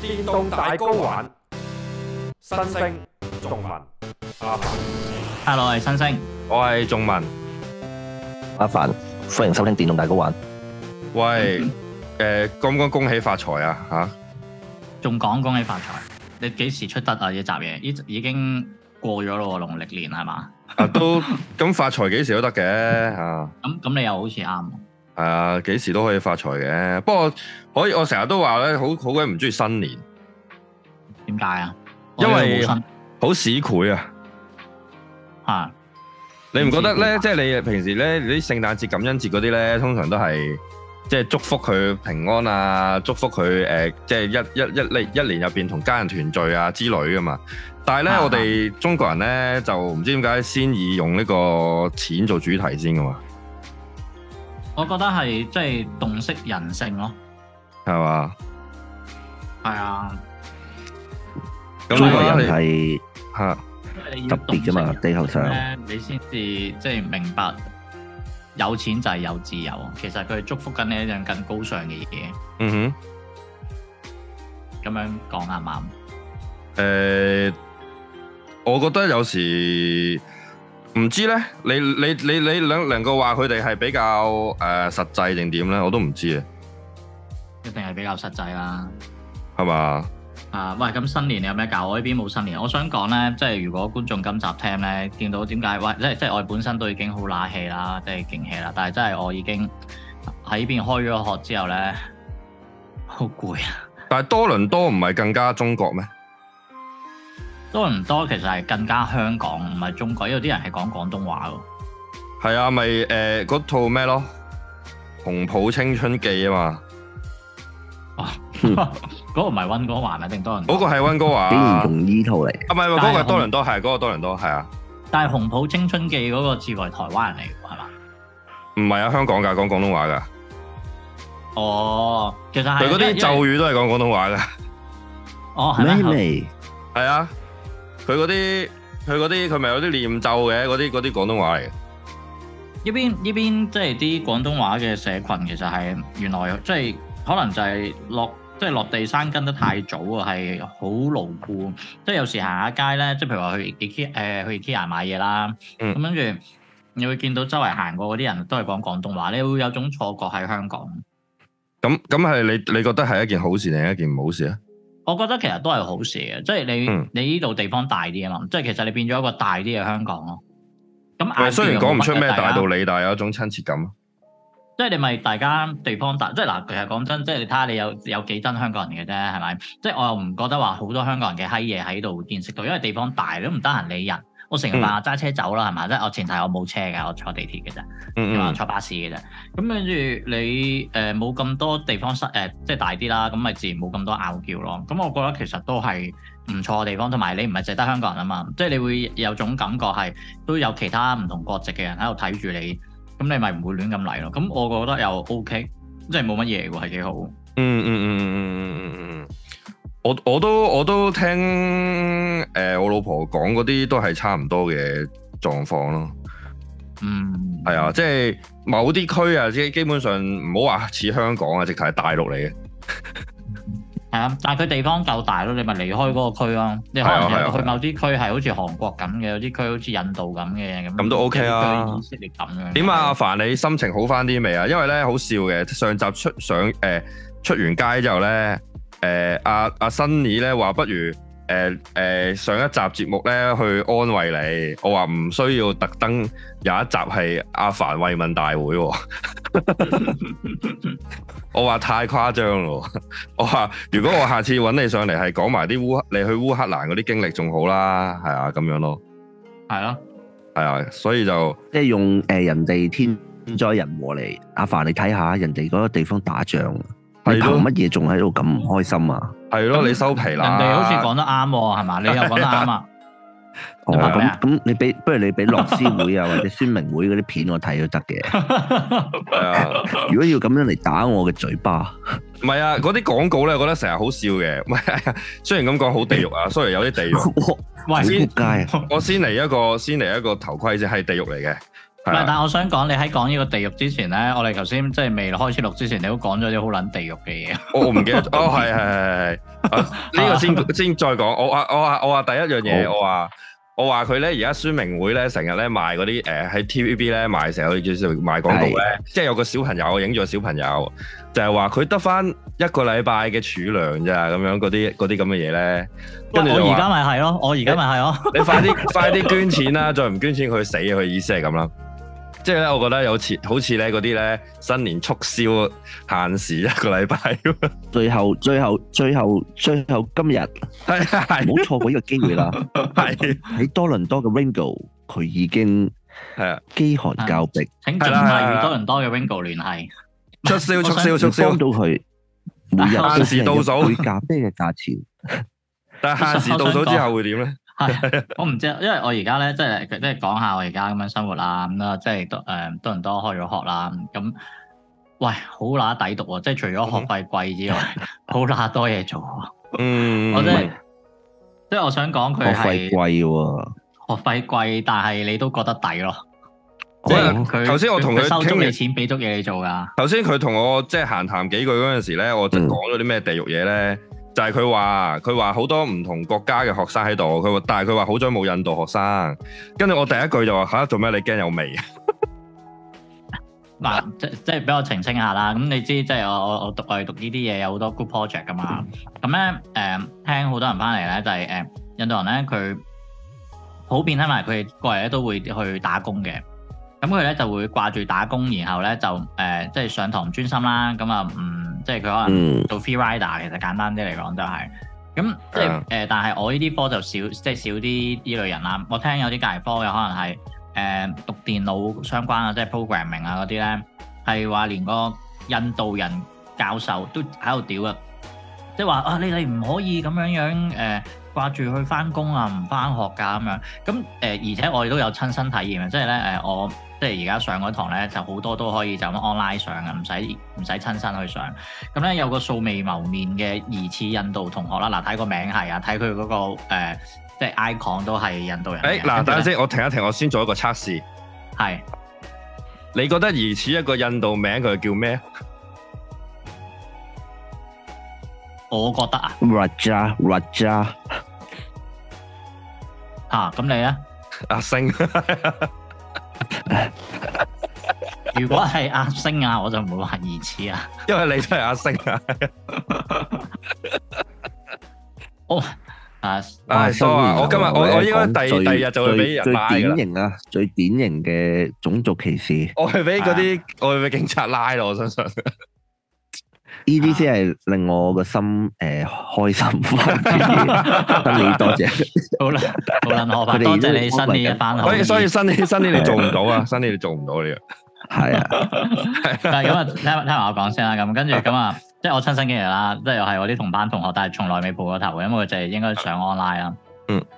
電動大 GO 玩，新星仲文阿凡、啊、hello，我係新星，我係仲文阿凡，歡迎收聽電動大 GO 玩。喂，誒、呃，講唔講恭喜發財啊吓？仲、啊、講恭喜發財？你幾時出得啊？呢集嘢，已已經過咗咯，農曆年係嘛，啊啊？啊都，咁發財幾時都得嘅吓。咁咁你又好似啱。係啊，幾時都可以發財嘅。不過，可以我成日都話咧，好好鬼唔中意新年。點解啊？因為好市儈啊。吓，你唔覺得咧？即係你平時咧，啲聖誕節、感恩節嗰啲咧，通常都係即係祝福佢平安啊，祝福佢誒，即、呃、係、就是、一一一一一年入邊同家人團聚啊之類噶嘛。但係咧，啊、我哋中國人咧就唔知點解先以用呢個錢做主題先噶嘛。我覺得係即係洞悉人性咯，啊，係嘛？係啊，咁中國人係吓特別啫嘛，地球上你先至即係明白有錢就係有自由，其實佢係祝福緊你一樣更高尚嘅嘢。嗯哼，咁樣講啱唔啱？誒，呃，我覺得有時。唔知咧，你你你你兩個話佢哋係比較誒、呃、實際定點咧？我都唔知啊。一定係比較實際啦。係嘛吧？啊喂！咁新年你有咩搞？我呢邊冇新年。我想講咧，即係如果觀眾今集聽咧，見到點解？喂，即係即係我本身都已經好乸氣啦，即係勁氣啦。但係真係我已經喺呢邊開咗學之後咧，好攰啊！但係多倫多唔係更加中國咩？多唔多？其實係更加香港，唔係中國，有啲人係講廣東話咯。係啊，咪誒嗰套咩咯？《紅普青春記》啊嘛。嗰個唔係溫哥華咪定多人？嗰個係溫哥華。邊同呢套嚟？啊，唔係，嗰個多倫多係嗰個多倫多係啊。但係《紅普青春記》嗰個似係台灣人嚟，係嘛？唔係啊，香港噶講廣東話噶。哦，其實係。嗰啲咒語都係講廣東話噶。哦，係啦，係啊。佢嗰啲，佢嗰啲，佢咪有啲念咒嘅，嗰啲嗰啲廣東話嚟嘅。呢邊呢邊即係啲廣東話嘅社群，其實係原來即係可能就係落即係、就係、落地生根得太早啊，係好、嗯、牢固。即、就、係、係、有時行下街咧，即係譬如話去宜宜誒去宜家買嘢啦，咁跟住你會見到周圍行過嗰啲人都係講廣東話，你會有種錯覺喺香港。咁咁係你你覺得係一件好事定係一件唔好事啊？我覺得其實都係好事嘅，即係你、嗯、你呢度地方大啲啊嘛，即係其實你變咗一個大啲嘅香港咯。咁雖然講唔出咩大道理大，但係家有一種親切感。即係你咪大家地方大，即係嗱，其實講真，即係你睇下你有有幾憎香港人嘅啫，係咪？即係我又唔覺得話好多香港人嘅閪嘢喺度見識到，因為地方大你都唔得閒理人。我成日扮揸車走啦，係嘛？即係我前提我冇車㗎，我坐地鐵嘅啫，你話坐巴士嘅啫。咁跟住你誒冇咁多地方塞，誒、呃、即係大啲啦，咁咪自然冇咁多拗撬咯。咁我覺得其實都係唔錯嘅地方，同埋你唔係淨得香港人啊嘛，即係你會有種感覺係都有其他唔同國籍嘅人喺度睇住你，咁你咪唔會亂咁嚟咯。咁我覺得又 O、OK，K，即係冇乜嘢喎，係幾好。嗯嗯嗯嗯嗯嗯嗯嗯。我我都我都聽誒、呃，我老婆講嗰啲都係差唔多嘅狀況咯。嗯，係啊，即係某啲區啊，即基本上唔好話似香港啊，直頭係大陸嚟嘅。係 啊、嗯，但係佢地方夠大咯，你咪離開嗰個區咯、啊。你可能、啊啊啊、去某啲區係好似韓國咁嘅，有啲區好似印度咁嘅咁。咁都 OK 啊。佢以色列咁樣。點啊？阿凡你心情好翻啲未啊？因為咧好笑嘅，上集出上誒、呃、出完街之後咧。誒，阿阿新星咧話，不如誒誒、呃呃、上一集節目咧去安慰你。我話唔需要特登有一集係阿凡慰問大會。 我話太誇張咯。我話如果我下次揾你上嚟，係講埋啲烏克你去烏克蘭嗰啲經歷仲好啦，係啊咁樣咯。係咯、啊，係啊，所以就即係用誒人哋天災人禍嚟阿凡你，你睇下人哋嗰個地方打仗。係咯，乜嘢仲喺度咁唔開心啊？係咯，你收皮啦！人哋好似講得啱喎，係嘛？你又講得啱啊！咁咁，你俾不如你俾樂施會啊，或者宣明會嗰啲片我睇都得嘅。係啊，如果要咁樣嚟打我嘅嘴巴，唔係啊，嗰啲廣告咧，我覺得成日好笑嘅。唔係，雖然咁講好地獄啊，雖然有啲地獄。喂，先，我先嚟一個，先嚟一個頭盔即係地獄嚟嘅。唔係，但我想講，你喺講呢個地獄之前咧，我哋頭先即係未開始錄之前，你都講咗啲好撚地獄嘅嘢。我唔記得， 哦係係係係係。呢、 啊呢個先先再講。我話我話我話第一樣嘢好，我話我話佢咧，而家宣明會咧，成日咧賣嗰啲誒喺 TVB 咧賣成日去專線賣廣告咧，是即係有個小朋友，我影住個小朋友，就係話佢得翻一個禮拜嘅儲糧咋，咁樣嗰啲嗰啲咁嘅嘢咧。我而家咪係咯，我而家咪係咯。你快啲快啲捐錢啦！再唔捐錢，佢死，佢意思係咁啦。即係咧，我覺得有似好似咧嗰啲咧新年促銷限時一個禮拜。 最後、最後、最後、最後今日，唔冇 錯過呢個機會啦！喺、 啊、多倫多嘅 Ringo，佢已經係啊飢寒交迫、啊。請盡快與多倫多嘅 Ringo 聯繫促銷、促銷、啊、促銷到佢每日，每日、啊、限時倒數會價咩嘅價錢？但係限時倒數之後會點咧？ 係， 我唔知，因為我而家咧，即係即係講下我而家咁樣生活啦，咁啦，即係多誒多倫多開咗學啦，咁喂，好乸抵讀啊！即係除咗學費貴之外，好乸多嘢做。嗯，我真係即係我想講佢學費貴，學費貴，但係你都覺得抵咯。即係佢頭先我同佢收咗你錢，俾足嘢你做噶。頭先佢同我即係閒談幾句嗰陣時咧，我真講咗啲咩地獄嘢咧。就係佢話，佢話好多唔同國家嘅學生喺度，佢話，但係佢話好彩冇印度學生。跟住我第一句就話吓，做、啊、咩你驚有味？嗱， 即即係俾我澄清下啦。咁、嗯、你知即係我我我讀我哋讀呢啲嘢有好多 good project 㗎嘛。咁咧誒，聽好多人翻嚟咧，就係、是、誒、呃、印度人咧，佢普遍聽，埋佢過嚟咧都會去打工嘅。咁佢咧就會掛住打工，然後咧就誒即係上堂唔專心啦。咁啊，唔即係佢可能做 free rider 其實簡單啲嚟講就係、是、咁。即係誒，但係我呢啲科就少，即、就、係、是、少啲呢類人啦、啊。我聽有啲隔離科嘅可能係誒、呃、讀電腦相關啊，即係 programming 啊嗰啲咧，係話連個印度人教授都喺度屌啊，即係話啊你你唔可以咁樣樣誒。呃掛住去翻工啊，唔翻學噶、啊、咁樣。咁、呃、誒，而且我哋都有親身體驗啊，即係咧誒，我即係而家上嗰堂咧，就好、是呃、多都可以就咁 online 上啊，唔使唔使親身去上。咁、嗯、咧有個素未謀面嘅疑似印度同學啦，嗱睇、個名係啊，睇佢嗰個即係 icon 都係印度人。誒嗱、欸呃，等陣先，我停一停，我先做一個測試。係是，你覺得疑似一個印度名，佢叫咩？我覺得啊，Raja Raja。啊，咁你咧？阿星，如果係阿星啊，我就唔會話疑似啊，因為你真係阿星啊。哦，阿阿 sorry 啊，我今日我我應該第第二日就會俾人最典型啊，最典型嘅種族歧視，我係俾嗰啲，我會俾警察拉咯，我相信。呢啲先係令我個心誒、呃、開心翻，得 你多謝 好啦 ，無論如何，快啲！多謝你新年一翻。所以 所以新啲新啲你做唔到啊， 新啲你做唔到呢、呢個。係啊，但係咁啊，聽聽埋我講先啦。咁跟住咁啊，即係、就是就是、我親身經歷啦，即係又係我啲同班同學，但係從來未抱過頭嘅，因為佢就係應該上 online 啦。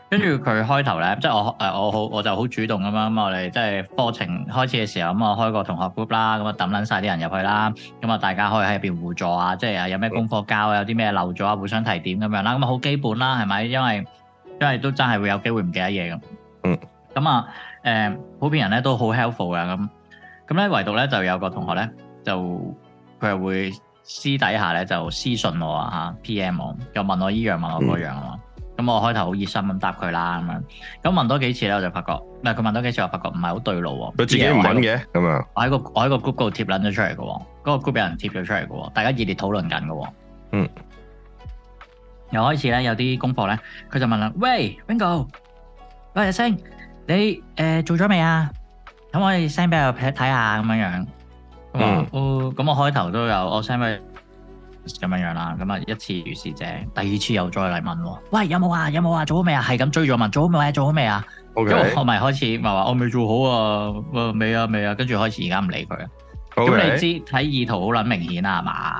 跟住佢開頭咧，即係我誒我好我，我就好主動咁樣，咁我哋即係課程開始嘅時候，咁啊、嗯、開個同學 group 啦，咁啊抌撚晒啲人入去啦，咁啊大家可以喺入邊互助啊，即係有咩功課交啊，有啲咩漏咗啊，互相提點咁樣啦，咁啊好基本啦，係咪？因為因為都真係會有機會唔記得嘢咁。咁、嗯、啊誒，普遍人咧都好 helpful 嘅咁，咁咧唯獨咧就有個同學咧就佢係會私底下咧就私信我啊吓 PM 我，又問我依樣問我嗰樣啊嘛。咁我開頭好熱心咁答佢啦咁樣，咁問多幾次咧，我就發覺，唔係佢問多幾次，我發覺唔係好對路喎。佢自己唔揾嘅咁樣。我喺個我喺個 Google 貼揾咗出嚟嘅喎，嗰個 Google 有人貼咗出嚟嘅喎，大家熱烈討論緊嘅喎。嗯。又開始咧有啲功課咧，佢就問啦，喂，Ringo，喂，新星，你誒做咗未啊？可唔可以 send 俾我睇睇下咁樣樣？嗯，哦，咁我開頭都有，我 send 俾。咁樣樣啦，咁啊一次如是者，第二次又再嚟問喎，喂有冇啊，有冇啊，做好未啊？係咁追咗問，做好未啊？做好未啊？咁、啊啊、Okay. 我咪開始咪話我未做好啊，未啊未啊，跟住、啊、開始而家唔理佢，咁 Okay. 你知睇意圖好撚明顯啦，係嘛？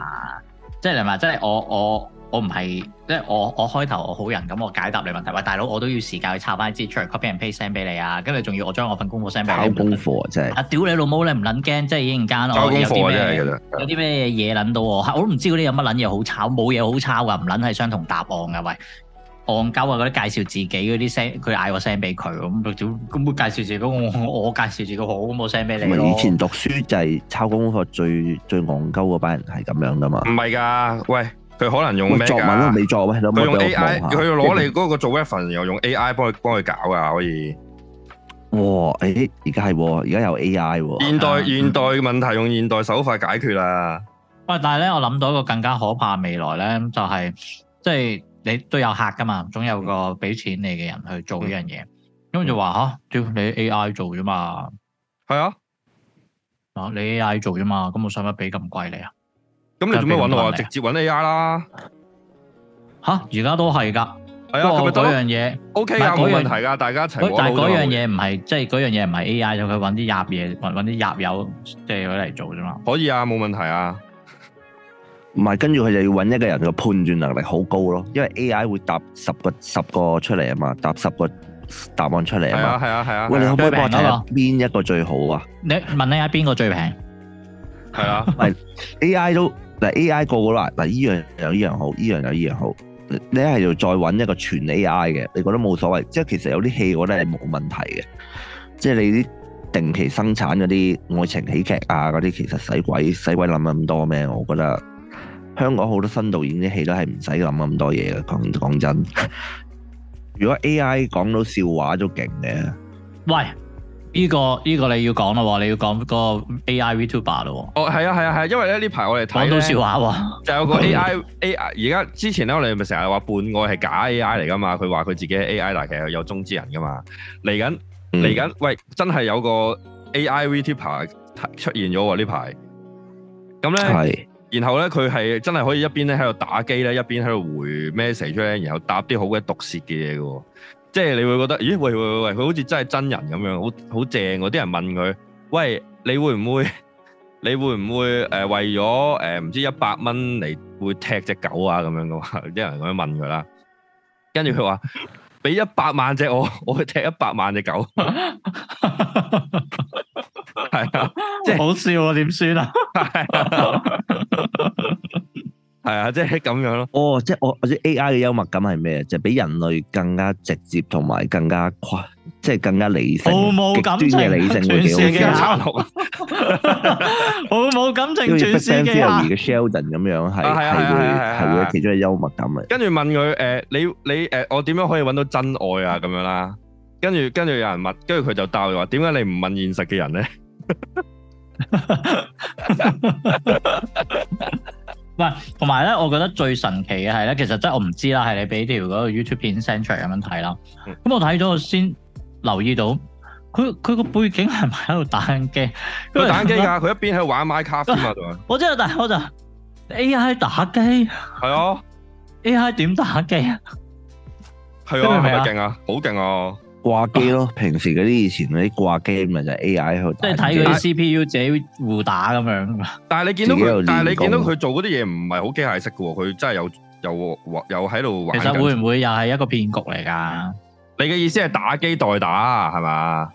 即係你話即係我我，我我唔係，即係我我開頭我好人，咁我解答你問題。喂，大佬我都要時間去抄翻支出嚟，copy 人 paste send 俾你啊。咁你仲要我將我份功課 send 俾你？抄功課真係啊！屌你老母，你唔撚驚，即係一陣間我有啲咩？有啲咩嘢撚到我？我都唔知嗰啲有乜撚嘢好抄，冇嘢好抄噶，唔撚係相同答案噶。喂，戇鳩啊！嗰啲介紹自己嗰啲 send 佢嗌個 send 俾佢咁，咁介紹自己。我我介紹自己好。好冇 send 俾你。以前讀書就係抄功課最最戇鳩嗰班人係咁樣㗎嘛？唔係㗎，喂！佢可能用咩作文㗎？未作咩？佢用 A I，佢要攞你嗰個做一份，然後用 A I 幫佢幫佢搞噶，可以。哇！誒，而家係，而家有 A I。現代現代嘅問題用現代手法解決啦。喂，但係咧，我諗到一個更加可怕未來咧，就係即係你都有客噶嘛，總有個俾錢你嘅人去做呢樣嘢，咁佢就話吓，屌你 A I 做啫嘛。係啊。啊，你 A I 做啫嘛，咁我使乜俾咁貴你啊？咁你做咩揾我啊？直接揾 AI 啦！吓，而家都係噶，係啊，嗰樣嘢 OK 噶，冇問題噶，大家一齊搵。但係嗰樣嘢唔係，即係嗰樣嘢唔係 AI，就佢揾啲入嘢，揾揾啲入友即係佢嚟做啫嘛。可以啊，冇問題啊。唔係，跟住佢就要揾一個人嘅判斷能力好高咯，因為 AI 會答十個十個出嚟啊嘛，答十個答案出嚟啊嘛，係啊係啊。喂，你可唔可以幫我睇下邊一個最好啊？你問你 AI 邊個最平？係啊，係 AI 都。AI 個個啦，嗱呢樣有呢樣好，呢樣有呢樣好。你係要再揾一個全 AI 嘅，你覺得冇所謂？即係其實有啲戲我覺得係冇問題嘅。即係你啲定期生產嗰啲愛情喜劇啊，嗰啲其實使鬼使鬼諗咁多咩？我覺得香港好多新導演啲戲都係唔使諗咁多嘢嘅。講講真，如果 AI 講到笑話都勁嘅，喂！呢個呢個你要講咯喎，你要講嗰個 AI Vtuber 咯喎。哦，係啊，係啊，係啊，因為咧呢排我哋睇咧講到説話喎、啊，就有個 AI AI 而家之前咧，我哋咪成日話半個係假 AI 嚟噶嘛，佢話佢自己係 AI，但其實有中之人噶嘛。嚟緊嚟緊，喂，真係有個 AI Vtuber 出現咗喎呢排。咁咧，然後咧，佢係是真係可以一邊咧喺度打機咧，一邊喺度回 message 咧，然後搭啲好鬼毒舌嘅嘢嘅喎。即係你會覺得，咦喂喂喂喂，佢好似真係真人咁樣，好好正喎、啊！啲人問佢，喂，你會唔會，你會唔會誒、呃、為咗誒唔知一百蚊嚟，會踢隻狗啊咁樣嘅話？啲人咁樣問佢啦，跟住佢話俾一百萬隻我，我去踢一百萬隻狗，係啊，即係好笑啊，點算啊？ 係啊，即係咁樣咯。哦，即係我知 A.I. 嘅幽默感係咩啊？就比人類更加直接同埋更加快，即係更加理性。冇冇感情，斷絕嘅理性嘅嘅溝通。冇冇感情斷絕嘅。好似不像《Zooey》嘅 Sheldon 咁樣，係係會係會其中嘅幽默感嘅。跟住問佢誒，你你誒，我點樣可以揾到真愛啊？咁樣啦。跟住跟住有人問，跟住佢就答又話：點解你唔問現實嘅人咧？喂，同埋咧，我覺得最神奇嘅係咧，其實真係我唔知啦，係你俾條嗰個 YouTube 片 send 出嚟咁樣睇啦。咁、嗯、我睇咗，我先留意到，佢佢個背景係咪喺度打緊機？佢打機㗎，佢一邊喺度玩 Minecraft 㗎嘛，我知啊，但我就 AI 打機。係啊，AI 點打機啊？係啊，係咪勁啊？好勁啊！掛機咯，平時嗰啲以前嗰啲掛機咪就 AI 去，即係睇嗰啲 CPU 自己互打咁樣。但係你見到佢，但係你見到佢做嗰啲嘢唔係好機械式噶，佢真係有有玩有喺度。其實會唔會又係一個騙局嚟噶？你嘅意思係打機代打係嘛？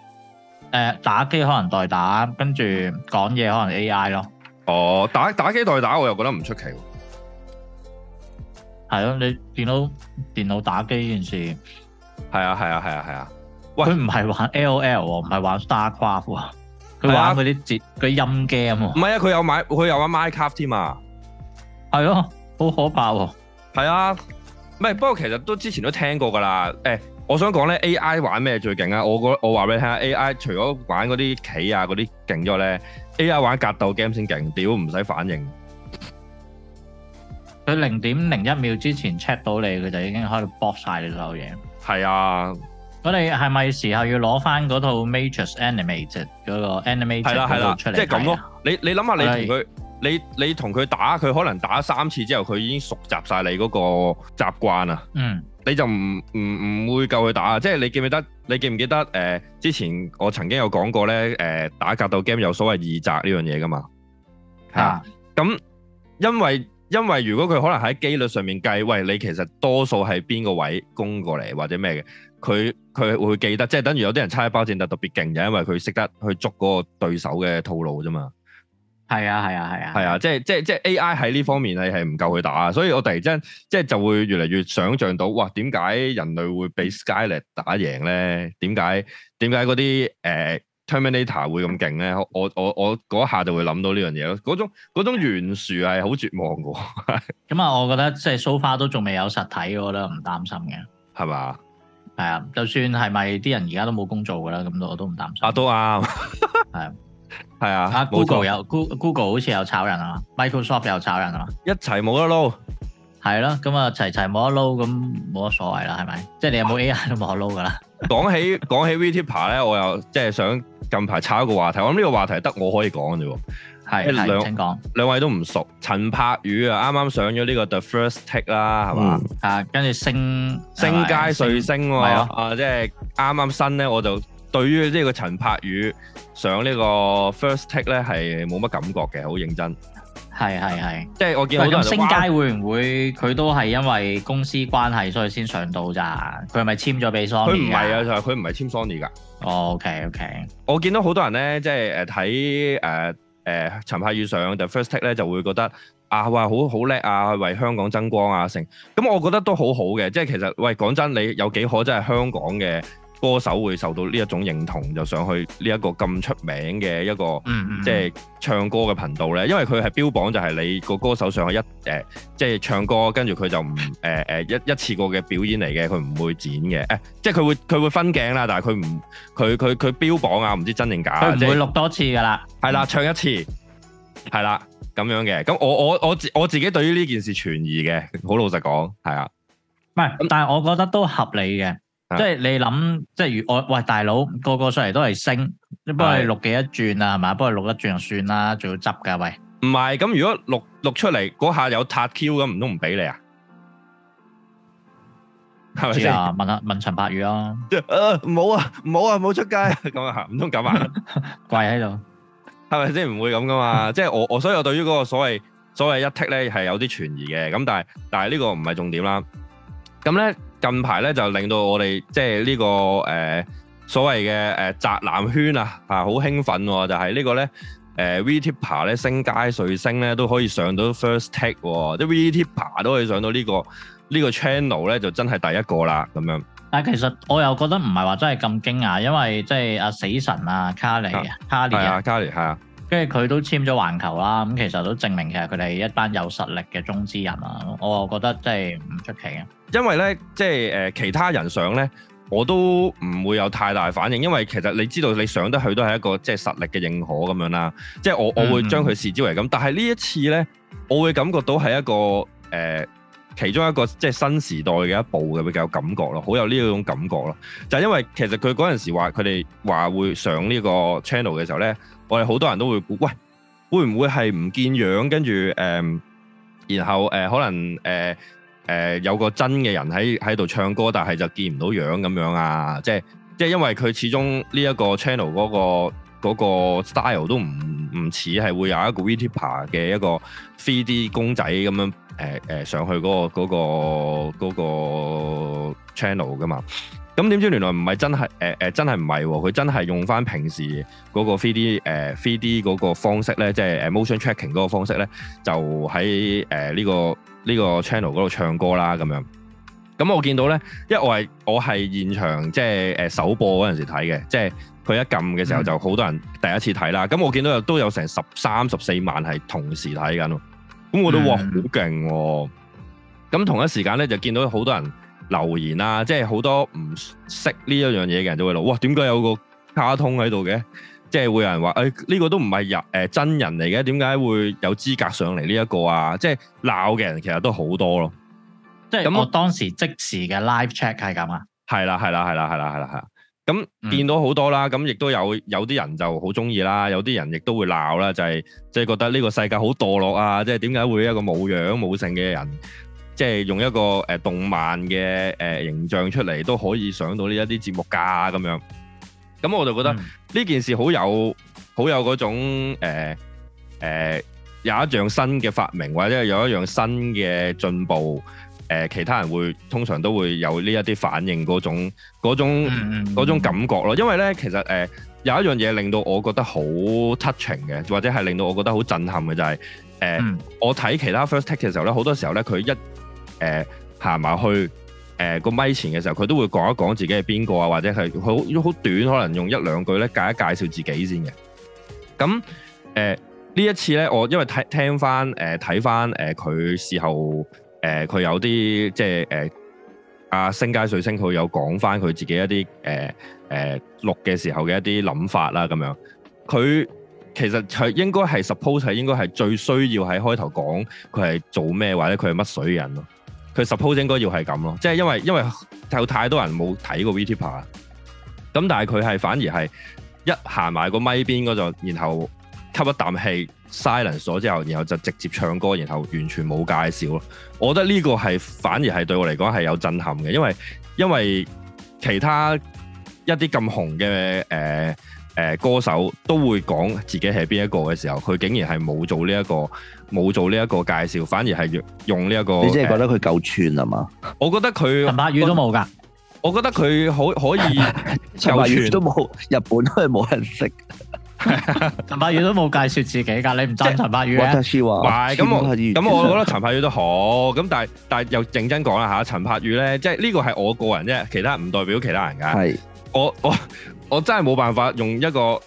誒，打機可能代打，跟住講嘢可能 AI 咯。哦，打打機代打，我又覺得唔出奇。係咯，你電腦電腦打機呢件事，係啊係啊係啊係啊。佢唔係玩 L.O.L. 喎，唔係玩 StarCraft 喎，佢玩嗰啲折嗰啲音 game 喎。唔係啊，佢有買，佢有玩 Minecraft 添啊。係咯，好可怕喎。係啊，唔係，不過其實都之前都聽過㗎啦。誒，我想講咧，A.I. 玩咩最勁啊？我覺得我話俾你聽下，A.I. 除咗玩嗰啲棋啊嗰啲勁咗咧，A.I. 玩格鬥 game 先勁，屌，唔使反應，佢零點零一秒之前 check 到你，佢就已經喺度搏曬你手嘢。係啊。我哋係咪時候要攞翻嗰套 Major Animated 個 animated 出嚟？即係咁咯。你你諗下，你佢你你同佢打，佢可能打三次之後，佢已經熟習曬你嗰個習慣啊。嗯，你就唔唔唔會夠佢打啊。即係你記唔記得？你記唔記得？誒、呃，之前我曾經有講過咧，誒、呃，打格鬥 game 有所謂二擇呢樣嘢噶嘛。吓的，咁因為因為如果佢可能喺機率上面計，喂，你其實多數係邊個位攻過嚟或者咩嘅？佢佢會記得，即係等於有啲人猜，猜包戰特特別勁嘅，因為佢識得去捉嗰個對手嘅套路啫嘛。係啊係啊係啊係啊，即係即係即係 A.I. 喺呢方面係係唔夠佢打，所以我突然之間即係、就係、就會越嚟越想像到，哇點解人類會俾 Skynet 打贏咧？點解點解嗰啲誒、呃、Terminator 會咁勁咧？我我我嗰下就會諗到呢樣嘢咯，嗰種嗰種懸殊係好絕望嘅。咁 啊、嗯，我覺得即係 so far 都仲未有實體，我覺得唔擔心嘅，係嘛？係啊，就算係咪啲人而家都冇工做噶啦，咁都我都唔擔心。啊，都啱，係，係啊。啊，Google 有，Go Google 好似又炒人啊，Microsoft 又炒人啊嘛，一齊冇得撈。係咯，咁啊，齊齊冇得撈，咁冇乜所謂啦，係咪？即係你有冇 AI 都冇可撈噶啦。講起講起 Vtuber 咧，我又即係想近排炒一個話題，我諗呢個話題得我可以講啫喎。係，兩兩位都唔熟。陳柏宇啊，啱啱上咗呢個 The First Take 啦，係嘛？啊，跟住升星街彗星啊，即係啱啱新咧，我就對於呢個陳柏宇上呢個 First Take 咧係冇乜感覺嘅，好認真。係係係，即係我見。咁星街會唔會佢都係因為公司關係所以先上到咋？佢係咪簽咗俾 Sony？佢唔係啊，就係佢唔係簽 Sony 噶。哦，OK OK。我見到好多人咧，即係誒睇誒。誒、呃，陳柏宇上，就 First Take 咧就會覺得啊，哇，好好叻啊，為香港增光啊，成咁我覺得都好好嘅，即係其實喂，講真，你有幾可真係香港嘅？歌手會受到呢一種認同，就上去呢一個咁出名嘅一個，即係 唱歌嘅頻道咧。因為佢係標榜就係你個歌手上去一誒，即、呃、係、即係、唱歌，跟住佢就唔誒誒一一,一次過嘅表演嚟嘅，佢唔會剪嘅。誒、欸，即係佢會佢會分鏡啦，但係佢唔佢佢佢標榜啊，唔知真定假。佢唔會錄多次㗎啦。係啦，唱一次係啦，咁樣嘅。咁我我我我自己對於呢件事存疑嘅，好老實講，係啊。唔係不， 但係我覺得都合理嘅。即係你諗，即係如我喂大佬，個個上嚟都係升，你幫佢錄幾一轉啊，係咪啊？幫佢錄一轉就算啦，仲要執噶喂？唔係，咁如果錄錄出嚟嗰下有塔 Q 咁，唔通唔俾你啊？係咪先？問下問陳柏宇啦。即係，唔好啊，唔好啊，唔好出街啊，咁啊，唔通咁啊？跪喺度，係咪先？唔會咁噶嘛。即係我我所以我對於嗰個所謂所謂一剔咧係有啲存疑嘅。咁但係但係呢個唔係重點啦。咁咧。近排咧就令到我哋即係呢、這個誒、呃、所謂嘅誒宅男圈啊，係好興奮喎、啊！就係、是、呢個咧誒 Vtuber 咧星街彗星咧都可以上到 First Take 喎、啊，即係 Vtuber 都可以上到呢、這個呢、這個 Channel 咧就真係第一個啦咁樣。但、啊、其實我又覺得唔係話真係咁驚訝，因為即係阿死神啊、卡利啊，啊，啊、卡利啊、卡利係啊。跟住佢都簽咗環球啦，咁其實都證明其實佢哋一班有實力嘅中資人啊，我覺得真係唔出奇啊。因為呢，即係、呃、其他人上呢，我都唔會有太大反應，因為其實你知道你上得去都係一個即係實力嘅認可咁樣啦。即係我我會將佢視之為咁，嗯、但係呢一次呢，我會感覺到係一個誒、呃、其中一個即係新時代嘅一步嘅比較有感覺咯，好有呢種感覺咯。就因為其實佢嗰陣時話佢哋話會上呢個 channel 嘅時候呢。我哋好多人都會估，喂，會唔會係唔見樣？跟住誒，然後誒、呃呃，可能誒誒、呃呃、有個真嘅人喺喺度唱歌，但係就見唔到樣咁樣啊！即係即係因為佢始終呢一個 channel 嗰、那個那個 style 都唔唔似係會有一個 VTuber 嘅一個 3D 公仔咁樣誒誒、呃呃、上去嗰、那個嗰、那個嗰、那個、channel 㗎嘛。咁點知原來唔係真係誒誒，真係唔係喎？佢真係用翻平時嗰個 3D 誒、呃、3D 嗰個方式咧，即係 motion tracking 嗰個方式咧，就喺誒呢個呢、呢個 channel 嗰度唱歌啦咁樣。咁我見到咧，因為我係我係現場即係誒、呃、首播嗰陣時睇嘅，即係佢一撳嘅時候就好多人第一次睇啦。咁、嗯、我見到都有成十三十四萬係同時睇緊咯。咁我都哇好勁喎！咁、啊、同一時間咧就見到好多人。留言啊，即係好多唔識呢一樣嘢嘅人都會話，哇，點解有個卡通喺度嘅？即係會有人話，誒呢個都唔係人，誒真人嚟嘅，點解會有資格上嚟呢一個啊？即係鬧嘅人其實都好多咯。即係咁，我當時即時嘅 live check 係咁啊？係啦，係啦，係啦，係啦，係啦，係。咁見到好多啦，咁亦都有有啲人就好中意啦，有啲人亦都會鬧啦，就係即係覺得呢個世界好墮落啊！即係點解會一個冇樣冇性嘅人？即係用一個誒、呃、動漫嘅誒、呃、形象出嚟，都可以上到呢一啲節目㗎咁樣。咁我就覺得呢、嗯、件事好有好有嗰種誒、呃呃、有一樣新嘅發明，或者有一樣新嘅進步。誒、呃、其他人會通常都會有呢一啲反應種，嗰種嗰、嗯、感覺咯。因為咧，其實誒、呃、有一樣嘢令到我覺得好 touching 嘅，或者係令到我覺得好震撼嘅就係、是、誒、呃嗯、我睇其他 First Take 嘅時候咧，好多時候咧佢一誒，行埋、呃、去誒個咪前嘅時候，佢都會講一講自己係邊個啊，或者係好好短，可能用一兩句咧介一介紹自己先嘅。咁誒呢一次咧，我因為聽聽翻誒睇翻誒佢事後誒佢有啲即係誒阿星街彗星，佢有講翻佢自己一啲誒誒錄嘅時候嘅一啲諗法啦，咁樣佢其實佢應該係 suppose 係應該係最需要喺開頭講佢係做咩或者佢係乜水人咯。佢 suppose 應該要係咁咯，即係因為因為有太多人冇睇過 Vtuber 咁，但係佢係反而係一行埋個咪邊嗰度，然後吸一啖氣 silence 咗之後，然後就直接唱歌，然後完全冇介紹咯。我覺得呢個係反而係對我嚟講係有震撼嘅，因為因為其他一啲咁紅嘅誒誒歌手都會講自己係邊一個嘅時候，佢竟然係冇做呢一個。冇做呢一個介紹，反而係用呢、呢、一個。你真係覺得佢夠串吖嘛？ 我覺得佢陳柏宇都冇㗎。 我覺得佢可可以 陳柏宇都冇。日本都係冇人識。 陳柏宇都冇介紹自己㗎。你唔讚陳柏宇？ 我第一次話。咁我咁覺得陳柏宇都好。咁但係但係又認真講啦嚇。陳柏宇咧，即係呢個係我個人啫，其他唔代表其他人㗎。係是我我我真係冇辦法用一個誒。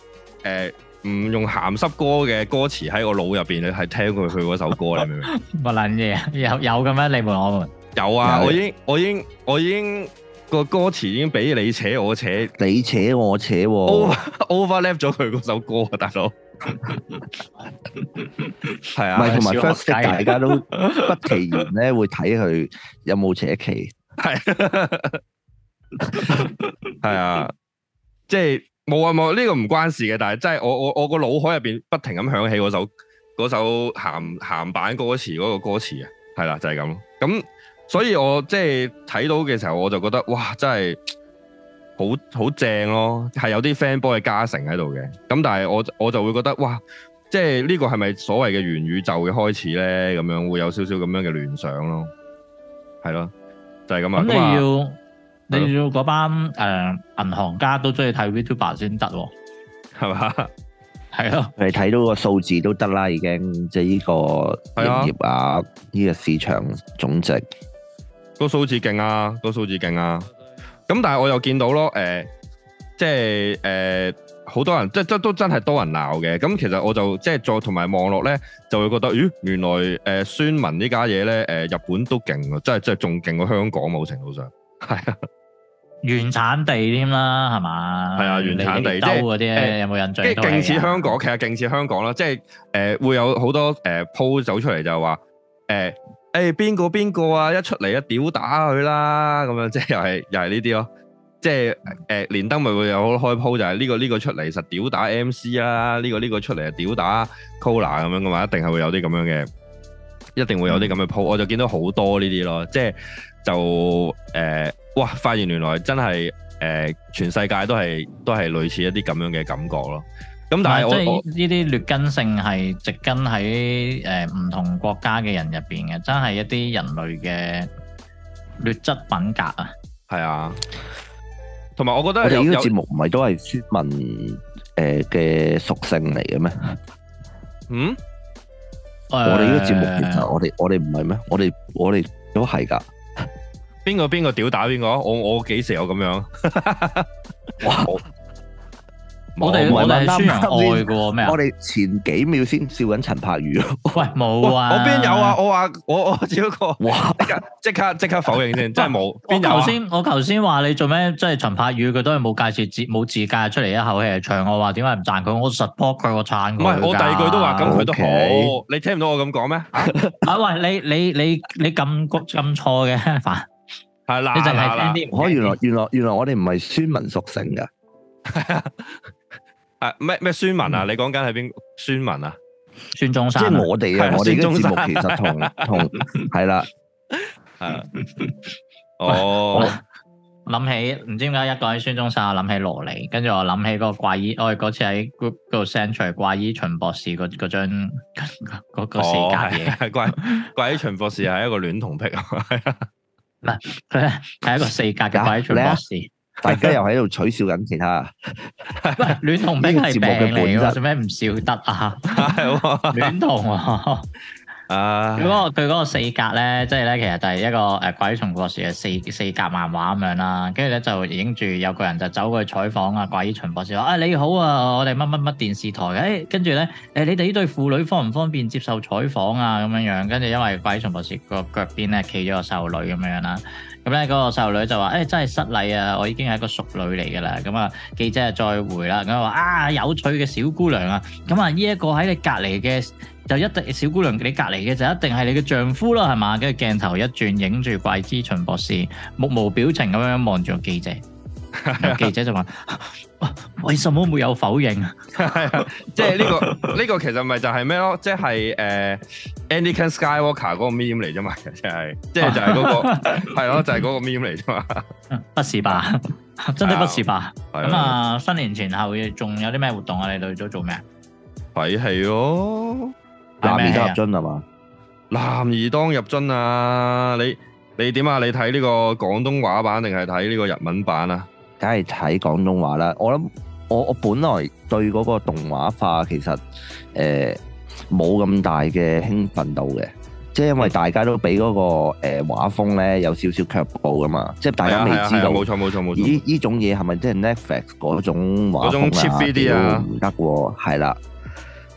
呃唔用鹹濕歌嘅歌詞喺我腦入邊，你係聽佢佢嗰首歌你明唔明？乜卵嘢？有有咁咩？你瞞我瞞？ 有啊，我已經的我已經我已經個歌詞已經俾你，你扯我扯，哦，你扯我扯，over over lap 咗佢嗰首歌，歌 啊，大佬。係啊，同埋 first 大家都不其然咧會睇佢有冇扯旗，係 係 啊，即、就、係、是。冇啊冇，啊，呢個唔關事嘅，但係真係我我我個腦海入邊不停咁響起嗰首嗰首鹹鹹版歌詞嗰個歌詞啊，係啦，就係咁咯。咁所以我即係睇到嘅時候，我就覺得哇，真係好好正咯，係有啲 fanboy 嘅加成喺度嘅。咁但係我我就會覺得哇，即係呢個係咪所謂嘅元宇宙嘅開始咧？咁樣會有少少咁樣嘅聯想咯，係咯，就係咁啊。你要嗰班誒、呃、銀行家都中意睇 Vtuber 先得喎，係嘛？係啊，你睇到個數字都得啦，已經即係依個營業啊，呢、呢個市場總值個數字勁啊，個數字勁啊！咁 但係我又見到咯，誒、呃，即係誒，好、呃、多人即係都都真係多人鬧嘅。咁其實我就即係再同埋網絡咧，就會覺得咦，原來誒、呃、仲文家呢家嘢咧，誒、呃、日本都勁啊，即係真係仲勁過香港某程度上係啊。原產地添啦，係嘛？係啊，原產地即啲、欸欸、有冇印象？即係勁似香港，其實勁似香港啦，即係誒、呃、會有好多誒鋪走出嚟就話誒誒邊個邊個啊，一出嚟一屌打佢啦咁樣，即係又係又係呢啲咯，即係誒、呃、連登咪會有好多開鋪，就係、是、呢、呢個呢、呢個出嚟實屌打 MC 啊，呢、呢個呢、呢個出嚟屌打 Cola 咁樣嘅嘛，一定係會有啲咁樣嘅，一定會有啲咁嘅鋪，嗯、我就見到好多呢啲咯，即係就誒。就就呃呃哇！發現原來真係誒，全世界都係都係類似一啲咁樣嘅感覺咯。咁但係我呢啲劣根性係植根喺誒唔同國家嘅人入邊嘅，真係一啲人類嘅劣質品格啊。係啊，同埋我覺得我哋呢個節目唔係都係酸民誒嘅屬性嚟嘅咩？嗯，我哋呢個節目其實我哋我哋唔係咩？我哋我哋都係㗎。邊個邊個屌打邊個？我我幾時有咁樣？哇！我哋我哋宣揚愛嘅咩？我哋前幾秒先笑緊陳柏宇咯。喂，冇啊！我邊有啊？我話我我只不過即刻即刻否認先，真係冇。我頭先我頭先話你做咩？即係陳柏宇佢都係冇介紹自冇自介出嚟一口氣嚟唱，我話點解唔讚佢？我 support 佢個餐。唔係我第二句都話咁佢都好，你聽唔到我咁講咩？啊喂！你你你你撳錯撳錯嘅係嗱嗱嗱，哦， 原來原來原來我哋唔係孫文屬性噶，係咩咩孫文啊？嗯、你講緊係邊孫文啊？孫中山，即係我哋啊！啊我哋嘅節目其實同中 同係啦，係 、啊、哦， 諗起唔知點解一講起孫中山，我諗起羅莉，跟住我諗起嗰怪醫，我哋嗰次喺 Group 嗰度 send 出嚟怪醫秦博士嗰嗰張嗰個時間嘢，怪怪醫秦博士係一個戀童癖。 唔係，係一個四格嘅鬼出嚟。吧 大家又喺度取笑緊其他 病病。戀同兵係節目嘅本啦。做咩唔笑得啊？戀愛 同、啊。 啊！佢嗰佢嗰個四格咧，即係咧，其實就係一個誒鬼蟲博士嘅四四格漫畫咁樣啦，跟住咧就影住有個人就走過去採訪啊，鬼蟲博士話：啊、哎、你好啊，我哋乜乜乜電視台，誒跟住咧，誒你哋呢對婦女方唔方便接受採訪啊咁樣樣，跟住因為鬼蟲博士個腳邊咧企咗個瘦女咁樣啦。咁咧，嗰個細路女就話：誒，真係失禮啊！我已經係一個淑女嚟噶啦。咁啊，記者啊，再會啦。咁話啊，有趣嘅小姑娘啊，咁啊，呢一個喺你隔離嘅，就一定小姑娘，你隔離嘅就一定係你嘅丈夫啦，係嘛？跟住鏡頭一轉，影住怪之秦博士，目無表情咁樣望住記者。記者 就話、是這個：為什麼會有否認啊？即係呢個呢個其實咪就係咩咯？即係誒，Anakin Skywalker 嗰個 meme 嚟啫嘛，即係即係就係嗰個係咯，就係、是、嗰、uh, 個 meme 嚟啫嘛。不是吧？真的不是吧？咁 啊，啊啊新年前後仲有啲咩活動啊？你哋都做咩啊？睇戲咯，男兒當入樽係嘛？男兒當入樽啊！你你點啊？你睇呢個廣東話版定係睇呢個日文版啊？梗係睇廣東話啦，我諗我我本來對嗰個動畫化其實誒冇咁大嘅興奮度嘅，即係因為大家都俾嗰、那個誒、呃、畫風咧有少少卻步噶嘛，即係大家未知道，冇錯冇錯冇錯。呢依以種嘢係咪即係 Netflix 嗰種畫風啊？嗰種 cheap 啲啊？唔得喎，係啦，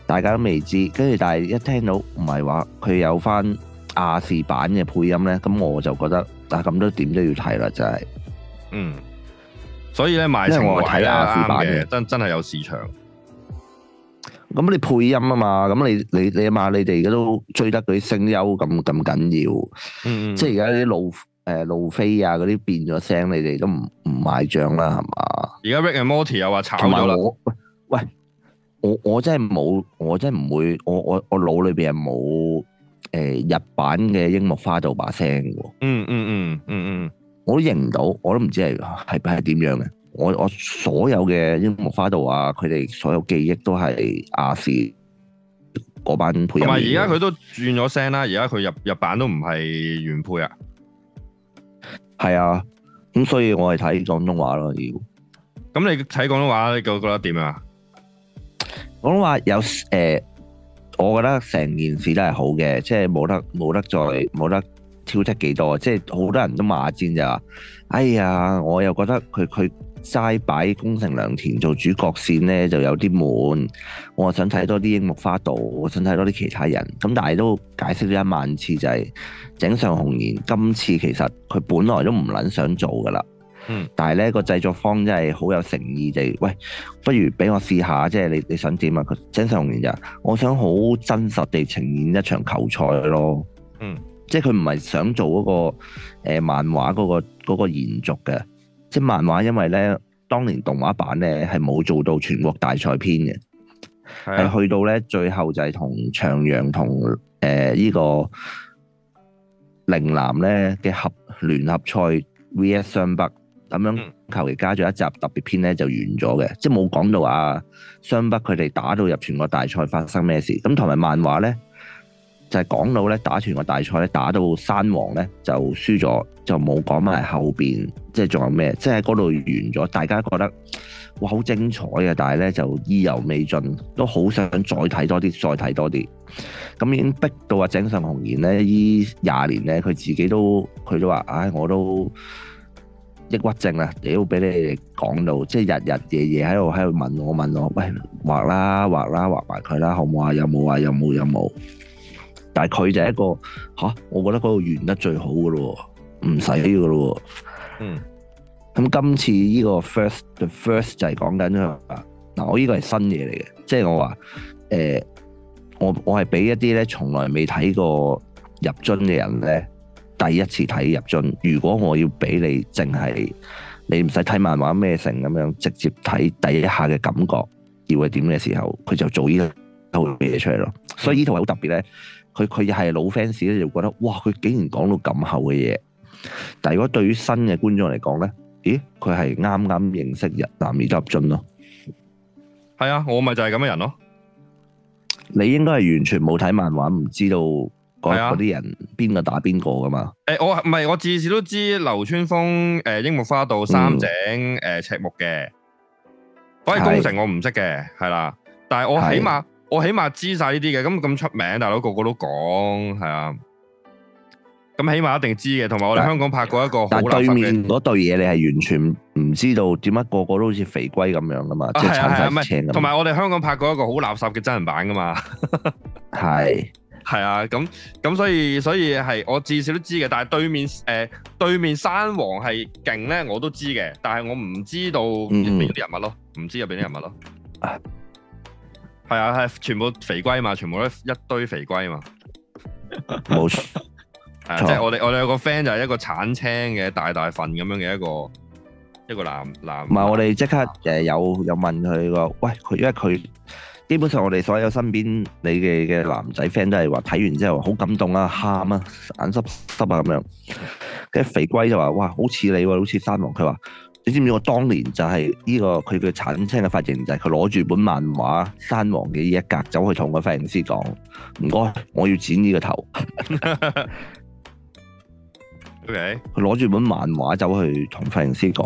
大家都未知，跟住但係一聽到唔係話佢有翻亞視版嘅配音咧，咁我就覺得啊咁都點都要睇啦，就係、是、嗯。所以咧，賣情懷啱嘅，真真係有市場。咁你配音啊嘛，咁你你你啊嘛，你哋而家都追得佢聲優咁咁緊要。即係而家啲路誒路飛啊嗰啲變咗聲，你哋都唔唔賣帳啦，係嘛？而家 Rick and Morty 又話炒咗啦。喂我我真係冇，我真係唔會，我我我腦裏邊係冇誒日版嘅櫻木花道把聲嘅。嗯嗯嗯嗯嗯。嗯嗯嗯我都認唔到，我都唔知係係係點樣嘅。我我所有嘅櫻木花道啊，佢哋所有記憶都係亞視嗰班配。同埋而家佢都轉咗聲啦，而家佢入入版都唔係原配啊。係啊，咁所以我係睇廣東話咯。要咁你睇廣東話，你覺覺得點啊？廣東話有誒、呃，我覺得成件事都係好嘅，即係冇得冇得再冇得。挑剔幾多？即係好多人都罵戰就話：哎呀，我又覺得佢佢齋擺宮城良田做主角線呢就有啲悶。我想睇多啲櫻木花道，我想睇多啲其他人。咁但係都解釋咗一萬次就係、是《井上雄彥》。今次其實佢本來都唔撚想做噶啦。嗯但，但係呢個製作方真係好有誠意，就係喂，不如俾我試下，即係你你想點啊？井《井上雄彥》就我想好真實地呈現一場球賽咯。嗯。即係佢唔係想做嗰、嗰個誒、呃、漫畫嗰、嗰個、嗰個延續嘅，即係漫畫，因為咧當年動畫版咧係冇做到全國大賽篇嘅，係的去到咧最後就係同翔陽同誒依個陵南咧嘅合聯合賽 V S 湘北，咁樣，求其加咗一集特別篇咧就完咗嘅，嗯、即係冇講到阿、啊、湘北佢哋打到入全國大賽發生咩事，咁同埋漫畫咧。就係講到咧打全個大賽咧，打到山王咧就輸咗，就冇講埋後邊，即係仲有咩？即係嗰度完咗，大家覺得哇好精彩啊！但係咧就意猶未盡，都好想再睇多啲，再睇多啲。咁、嗯、已經逼到阿井上雄彥咧，呢廿年咧佢自己都佢都話，唉、哎，我都抑鬱症啊！屌俾你哋講到，即係日日夜夜喺度喺度問我問我，喂畫啦畫啦畫埋佢啦，好唔好啊？有冇啊？有冇有冇？但係佢就係一個嚇、啊，我覺得嗰個完得最好嘅咯，唔使嘅咯。嗯，咁今次呢個 First The First 就係講緊佢啊。嗱、就係呃，我呢個係新嘢嚟嘅，即係我話誒，我我係俾一啲咧從來未睇過入樽嘅人咧，第一次睇入樽。如果我要俾你淨係你唔使睇漫畫咩成咁樣，直接睇第一下嘅感覺要係點嘅時候，佢就做呢套嘢出嚟咯。嗯、所以呢套係好特別咧。佢佢又係老 fans 咧，就覺得哇，佢竟然講到咁厚嘅嘢。但如果對於新嘅觀眾嚟講咧，咦，佢係啱啱認識日南耳德進咯。係啊，我咪就係咁嘅人咯。你應該係完全冇睇漫畫，唔知道嗰啲、啊、人邊個打邊個㗎嘛？誒，我唔係，我至少都知流川楓、誒櫻木花道、三井、誒、呃、赤木嘅。反正宮城我唔識嘅，係啦。但係我起碼是。我起碼知晒呢啲嘅，咁咁出名大佬個個都講，係啊，咁起碼一定知嘅。同埋我哋香港拍過一個好垃圾嘅嗰對嘢，你係完全唔知道點解個個都好似肥龜咁樣噶嘛，係撐曬車咁，同埋我哋香港拍過一個好垃圾嘅真人版噶嘛，係係啊，咁咁、 啊、所以所以係我至少都知嘅。但係對面誒、呃、對面山王係勁咧，我都知嘅。但係我唔知道入邊啲人物咯，唔、嗯、知入邊啲人物咯。係啊，係全部肥龜嘛，全部一一堆肥龜嘛，冇錯。即係我哋我哋有個 friend 就係一個鏟青嘅大大份咁樣嘅一個一個男男。唔係我哋即刻誒有有問佢個，喂佢因為佢基本上我哋所有身邊你哋嘅男仔 friend 都係話睇完之後好感動啊，喊啊，眼濕濕啊咁樣。跟住肥龜就話，哇，好似你，好似山王。佢話。你知唔知我當年就係呢個佢嘅產青嘅髮型就係佢攞住本漫畫《山王》嘅呢一格走去同個髮型師講，唔該，我要剪呢個頭。OK，佢攞住本漫畫走去同髮型師講，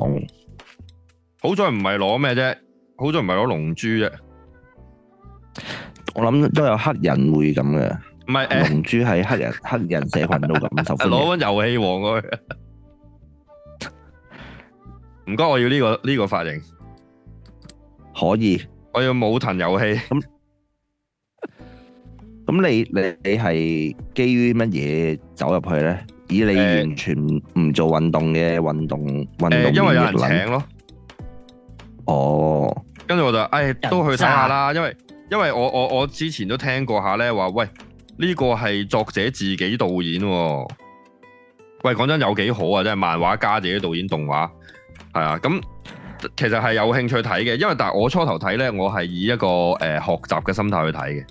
好彩唔係攞咩啫，好彩唔係攞龍珠啫。我諗都有黑人會咁嘅，唔係龍珠係黑人、欸、 黑人社群度咁攞翻《遊戲王》去。 唔該，我要呢個呢個髮型。可以，我要武藤遊戲。咁咁，你你你係基於乜嘢走入去咧？以你完全唔做運動嘅運動運動能力，因為有人請囉。哦，跟住我就誒、哎，都去睇下啦。因為因為我我我之前都聽過下咧，話喂呢個係作者自己導演、啊。喂，講真有幾好啊！即係漫畫家自己導演動畫。係啊，咁、嗯、其實係有興趣睇嘅，因為但係我初頭睇咧，我係以一個誒、呃、學習嘅心態去睇嘅，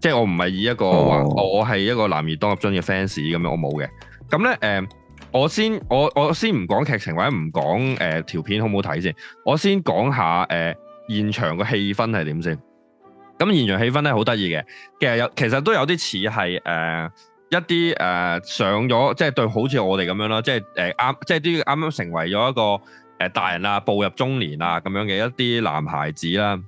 即係我唔係以一個、oh. 我係一個男兒當入樽嘅 fans 咁樣，我冇嘅。咁、嗯、咧、誒、嗯、我先我我先唔講劇情或者唔講誒條片好唔好睇先，我，我先講、呃、下誒、呃、現場嘅氣氛係點先。咁、嗯、現場氣氛咧好得意嘅，其實有其實都有啲似係誒一啲誒、呃、上咗，即、就、係、是、對好似我哋咁樣啦，即係誒啱即係啲啱啱成為咗一個。誒大人啊，步入中年啊，咁樣嘅一啲男孩子啦，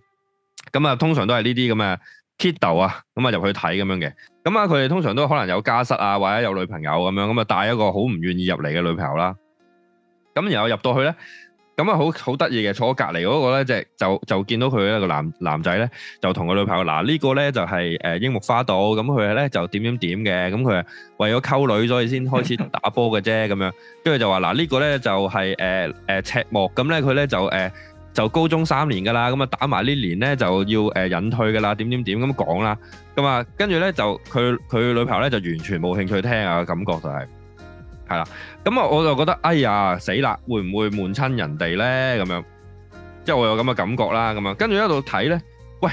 咁啊通常都係呢啲咁嘅 kidult 啊，咁啊入去睇咁樣嘅，咁啊佢哋通常都可能有家室啊，或者有女朋友咁樣，咁啊帶一個好唔願意入嚟嘅女朋友啦，咁然後入到去咧。咁啊，好好得意嘅，坐我隔籬嗰個咧，即係就就見到佢一個男男仔咧，就同個女朋友。嗱呢個咧就係誒櫻木花道，咁佢咧就點點點嘅，咁佢為咗溝女，所以先開始打波嘅啫，咁樣。跟住就話嗱呢個咧就係誒誒赤木，咁咧佢咧就誒就高中三年噶啦，咁啊打埋呢年咧就要誒隱退噶啦，點點點咁講啦。咁啊，跟住咧就佢佢女朋友咧就完全冇興趣聽啊， 感覺就係。係啦，咁啊，我就覺得，哎呀，死啦，會唔會悶親人哋咧？咁樣，即係我有咁嘅感覺啦。咁樣，跟住一路睇咧，喂，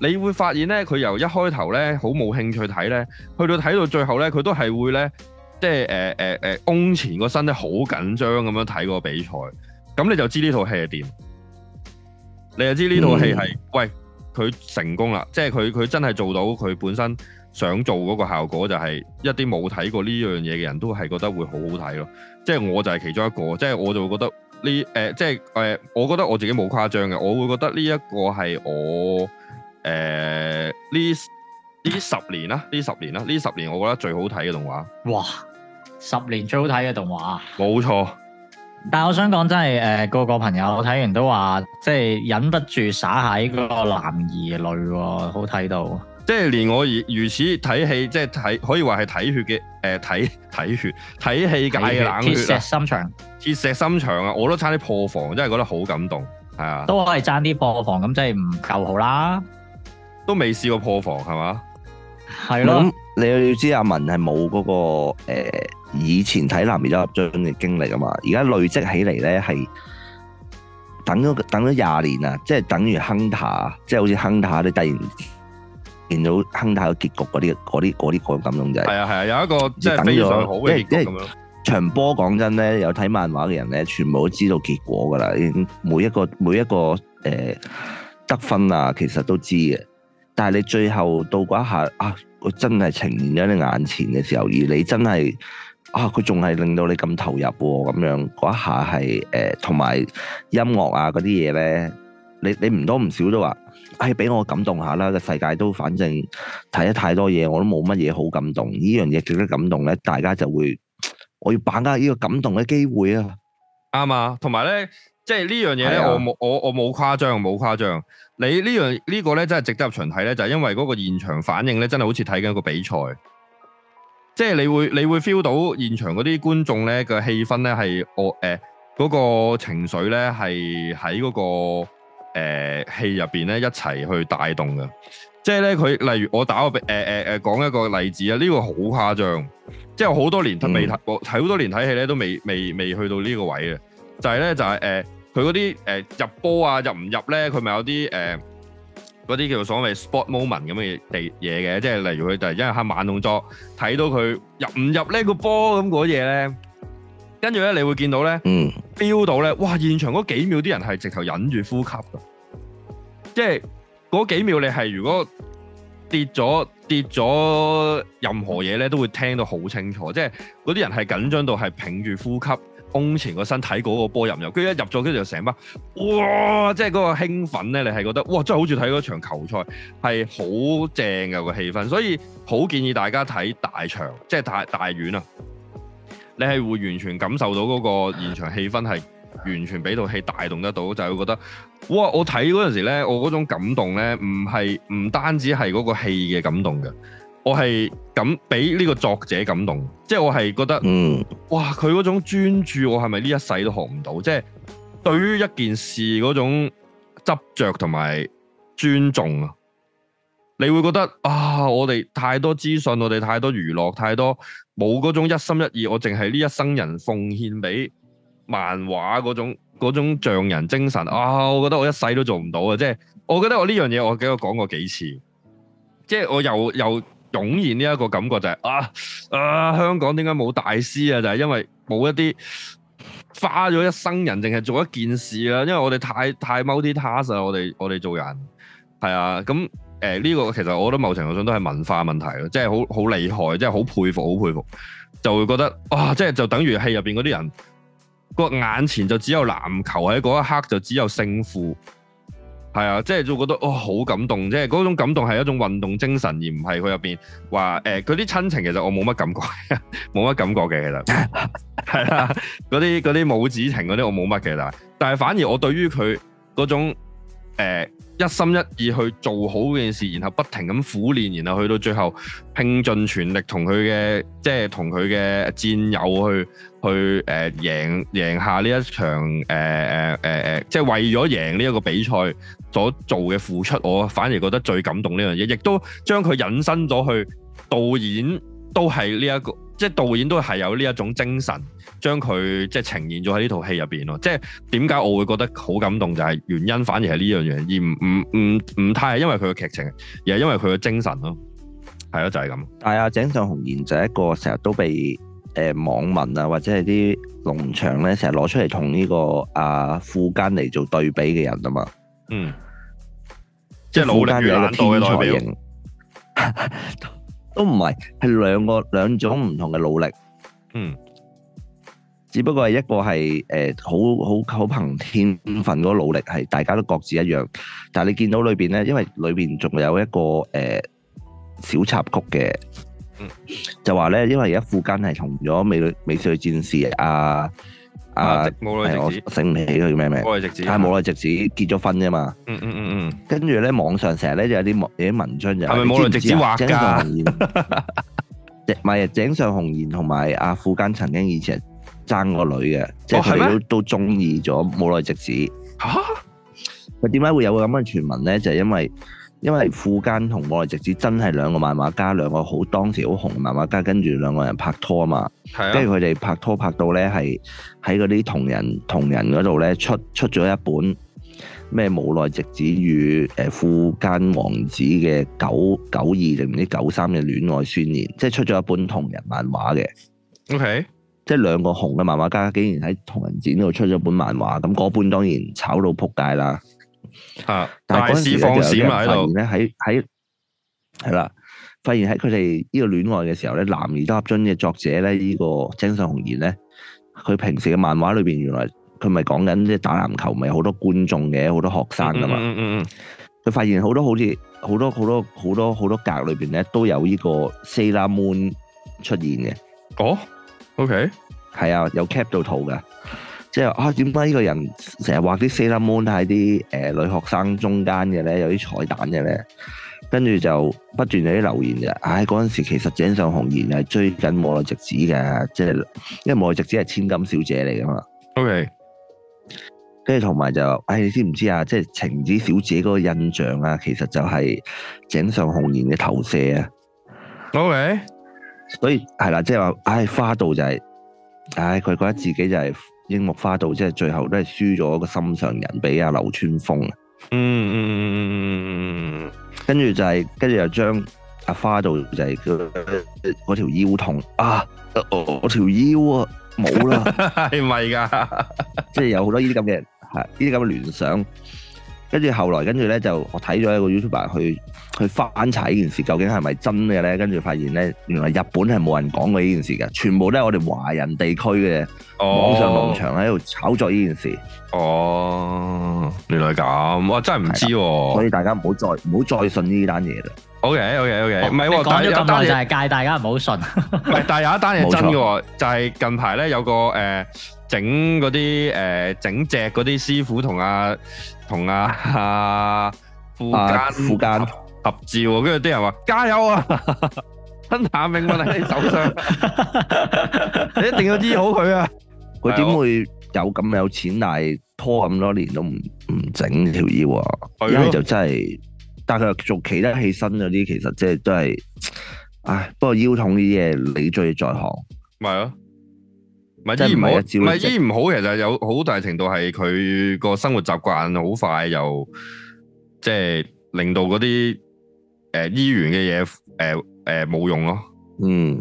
你會發現咧，佢由一開頭咧，好冇興趣睇咧，去到睇到最後咧，佢都係會咧，即係誒誒誒，呃呃呃、弓前個身咧，好緊張咁樣睇個比賽。咁你就知呢套戲係點，你就知呢套戲係，嗯、喂，佢成功啦，即係佢佢真係做到佢本身。想做嗰個效果就係一啲冇睇過呢樣嘢嘅人都係覺得會好好睇咯，即係我就係其中一個，即係我就會覺得呢誒、呃，即係誒、呃，我覺得我自己冇誇張嘅，我會覺得呢一個係我誒呢呢十年啦，呢十年啦，呢十年我覺得最好睇嘅動畫。哇！十年最好睇嘅動畫，冇錯。但係我想講真係誒，個、呃、個朋友睇完都話，即、就、係、是、忍不住灑下呢個男兒淚喎，好睇到。即係連我而如此睇戲，即係睇可以話係睇血嘅誒，睇、呃、睇血睇戲界冷血，鐵石心腸，鐵石心腸啊！我都差啲破防，真係覺得好感動，係啊，都係爭啲破防，咁真係唔夠好啦，都未試過破防係嘛，係咯，的你要知阿文係冇嗰個誒、呃、以前睇《男兒當入樽》嘅經歷啊嘛，而家累積起嚟咧係等咗等咗廿年啊，即係等於 hunter 即係好似 hunter 啲第二。見到亨太嘅結局嗰啲、嗰啲、嗰啲嗰種感動就係啊！係啊！有一個即係等咗，因為場為波講真咧，有睇漫畫嘅人咧，全部都知道結果㗎喇。每一個每一個誒、呃、得分啊，其實都知嘅。但係你最後到嗰一下啊，佢真係呈現咗你眼前嘅時候，而你真係啊，佢仲係令到你咁投入喎、啊。咁樣嗰一下係誒，同、呃、埋音樂啊嗰啲嘢咧，你你唔多唔少都話。係俾、哎、我感動下啦！個世界都反正睇得太多嘢，我都冇乜嘢好感動。呢樣嘢值得感動咧，大家就會我要把握呢個感動嘅機會啊！啱啊，同埋咧，即係呢樣嘢咧，我冇我我冇誇張冇誇張。你呢樣呢個咧，這個、真係值得入場睇咧，就係、是、因為嗰個現場反應咧，真係好似睇緊一個比賽，即、就、係、是、你會你會 feel 到現場嗰啲觀眾咧嘅氣氛咧係我誒嗰個情緒咧係喺嗰個。誒、呃、戲入邊咧一齊去帶動嘅，即係咧佢例如我打個誒誒誒講一個例子啊，呢、這個好誇張，即係好多年睇未睇過，睇好、嗯、多年睇戲咧都未未未去到呢個位嘅，就係、是、咧就係誒佢嗰啲誒入波啊入唔入咧佢咪有啲誒嗰啲叫做所謂 sport moment 咁嘅地嘢嘅，即係例如佢就係因為喺慢動作睇到佢入唔入呢、那個波咁嗰嘢咧。那那跟住咧，你會見到咧，feel、嗯、到咧，哇！現場嗰幾秒啲人係直頭忍住呼吸嘅，即係嗰幾秒你係如果跌咗跌咗任何嘢咧，都會聽到好清楚，即係嗰啲人係緊張到係屏住呼吸，胸前個身體嗰個波入入，跟住一入咗跟住就成班哇！即係嗰個興奮咧，你係覺得哇，真係好似睇嗰場球賽係好正嘅個氣氛，所以好建議大家睇大場，即係大大院啊！你係會完全感受到嗰個現場氣氛係完全俾套戲帶動得到，就會覺得哇！我睇嗰陣時咧，我嗰種感動咧，唔係唔單止係嗰個戲嘅感動嘅，我係噉俾呢個作者感動，即係我係覺得，嗯，哇！佢嗰種專注，我係咪呢一世都學唔到？即係對於一件事嗰種執著同埋尊重啊，你會覺得啊，我哋太多資訊，我哋太多娛樂，太多。冇嗰種一心一意，我淨係呢一生人奉獻俾漫畫嗰種匠人精神啊！我覺得我一世都做唔到啊！即係我覺得我呢樣嘢，我記得講過幾次，即係我又又湧現呢一個感覺就係、是、啊啊香港點解冇大師啊？就係、是、因為冇一啲花咗一生人淨係做一件事啦，因為我哋太太 multi-task 啊！我哋我哋做人係啊咁。誒，呢、呃呢個其實我覺得某程度上都係文化問題咯，即係好好厲害，即係好佩服，好佩服，就會覺得哇、哦，即係就等於戲入邊嗰啲人個眼前就只有籃球喺嗰一刻就只有勝負，係啊，即係就覺得哇，好、哦、感動，即係嗰種感動係一種運動精神而唔係佢入邊話誒嗰啲親情其， 其實我冇乜感覺，冇乜感覺嘅其實係啦，嗰啲啲母子情嗰啲我冇乜嘅，但係但係反而我對於佢嗰種誒。呃一心一意去做好件事，然後不停咁苦練，然後去到最後拼盡全力，同佢嘅即係同佢嘅戰友去去誒、呃、贏贏下呢一場誒誒誒誒，即係為咗贏呢一個比賽所做嘅付出，我反而覺得最感動呢樣嘢，亦都將佢引申咗去導演都係呢一個。即係導演都係有呢一種精神，將佢即係呈現咗喺呢套戲入邊咯。即係點解我會覺得好感動，就係、是、原因反而係呢樣嘢，而唔唔唔唔太係因為佢嘅劇情，而係因為佢嘅精神咯。係咯、啊，就係、是、咁。係阿井上雄彥就係一個成日都被誒、呃、網民啊，或者係啲農場咧成日攞出嚟同呢個阿富樫嚟做對比嘅人啊嘛。嗯，即係富樫係一個天才型。 都唔係，係兩個兩種唔同嘅努力。嗯，只不過係一個係誒好好好憑天份嗰個努力，係大家都各自一樣。但係你見到裏邊咧，因為裏邊仲有一個誒、呃、小插曲嘅，嗯、就話咧，因為而家富樫係同咗美女美少女戰士啊。啊！武內直子，我醒唔起佢叫咩名？武內直子，係武內直子，結咗婚啫嘛。嗯嗯嗯嗯。跟住咧，網上成日咧就有啲文，文章就係咪武內直子上畫家？唔係，井上雄彥同埋阿富樫曾經以前爭個女嘅，哦、即係佢都嗎都中意咗武內直子。嚇、啊！咪點解會有咁嘅傳聞咧？就係、是、因為。因為富樫同武內直子真係兩個漫畫家，兩個好當時好紅漫畫家，跟住兩個人拍拖啊嘛，跟住佢哋拍拖拍到呢，係喺嗰啲同人同人嗰度呢，出出咗一本咩武內直子與誒富樫王子嘅九九二定唔知九三嘅戀愛宣言，即係出咗一本同人漫畫嘅。OK，即係兩個紅嘅漫畫家，竟然喺同人展度出咗本漫畫，咁嗰本當然炒到撲街啦。啊！但當時呢大視放閃啊！喺度咧，喺喺係啦，發現喺佢哋呢個戀愛嘅時候咧，男兒當入樽嘅作者咧，這個、呢個井上雄彥咧，佢平時嘅漫畫裏邊原來佢咪講緊即係打籃球，咪好多觀眾嘅，好多學生噶嘛。嗯嗯嗯，嗯。佢發現好多好似好多好多好多好多格裏邊咧，都有呢個 Sailor Moon 出現嘅。哦，OK，係啊，有 cap 到圖嘅。即係啊，點解呢個人成日畫啲 Sailor Moon 喺啲誒女學生中間嘅咧？有啲彩蛋嘅咧，跟住就不斷有啲留言嘅。唉、哎，嗰陣時其實井上雄彥係追緊武內直子嘅，即、就、係、是、因為武內直子係千金小姐嚟噶嘛。OK，跟住同埋就，唉、哎，你知唔知啊？即係晴子小姐嗰個印象啊，其實就係井上雄彥嘅投射啊。OK，所以係啦，即係話，唉、就是哎，花道就係、是，唉、哎，佢覺得自己就係、是。櫻木花道即係最後都係輸咗個心上人俾阿流川楓，嗯，嗯嗯嗯嗯嗯嗯嗯，跟住就係跟住又將阿花道就係佢嗰條腰痛啊，我條腰啊冇啦，係咪噶？即係有好多呢啲咁嘅，係呢啲咁嘅聯想。跟住後來，跟住咧就我睇咗一個 YouTuber 去去翻查呢件事究竟係咪真嘅咧？跟住發現咧，原來日本係冇人講過呢件事嘅，全部都係我哋華人地區嘅網上農場喺度炒作呢件事哦。哦，原來咁，我真係唔知，所以大家唔好再唔好再信呢單嘢啦。OK OK OK，唔係講咗咁耐就係戒大家唔好信。 但係有一單嘢真嘅，錯就係近排咧有個誒。呃整嗰啲誒，整只嗰啲師傅同阿同阿阿副間副間合照，跟住啲人話加油啊，吞下 命運喺你手上， 你一定要醫好佢啊！佢點 會有咁有錢，但係拖咁多年都唔唔整條腰啊？的因為就真係，但係做企得起身嗰啲，其實即係都係，唉，不過腰痛呢啲嘢你最在行，係啊。唔係醫唔好，唔係醫唔好，其實有好大程度係佢個生活習慣好快又即係令到嗰啲，誒醫院嘅嘢，誒誒冇用咯。嗯，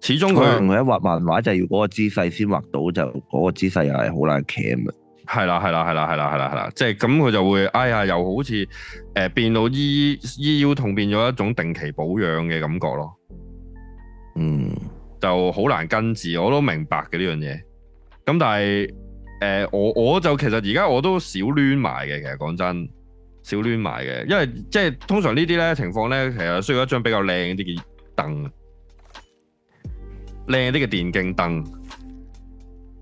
始終，始終佢同佢一畫漫畫就係、是、要嗰個姿勢先畫到，就嗰個姿勢又係好難企啊，係啦係啦係啦係啦係啦係啦，即係咁佢就會哎呀，又好似誒變到醫醫腰痛變咗一種定期保養嘅感覺咯。嗯。就好難根治，我都明白嘅呢樣嘢。咁但係，誒、呃，我我就其實而家我都少攣埋嘅。其實講真，少攣埋嘅，因為即係通常呢啲咧情況咧，其實需要一張比較靚啲嘅凳，靚啲嘅電競凳。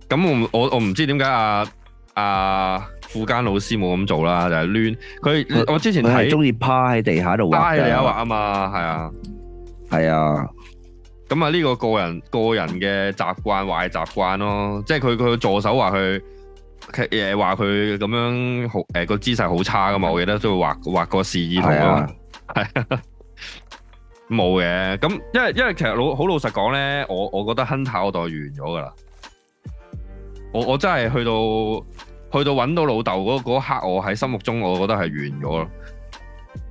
咁我我我唔知點解阿阿富樫老師冇咁做啦，就係攣佢。我之前係中意趴喺地下度畫，趴喺地下畫啊嘛，係啊，係啊。咁啊！呢個個人個人嘅習慣，壞習慣咯，即係佢佢助手話佢誒，話佢咁樣好誒、呃、個姿勢好差噶嘛，我記得都會畫畫個示意圖咯，係啊，冇嘅。咁因為因為其實老好老實講咧，我我覺得 Hunter 我代完咗噶啦，我我真係去到去到揾到老豆嗰刻，我喺心目中我覺得係完咗咯，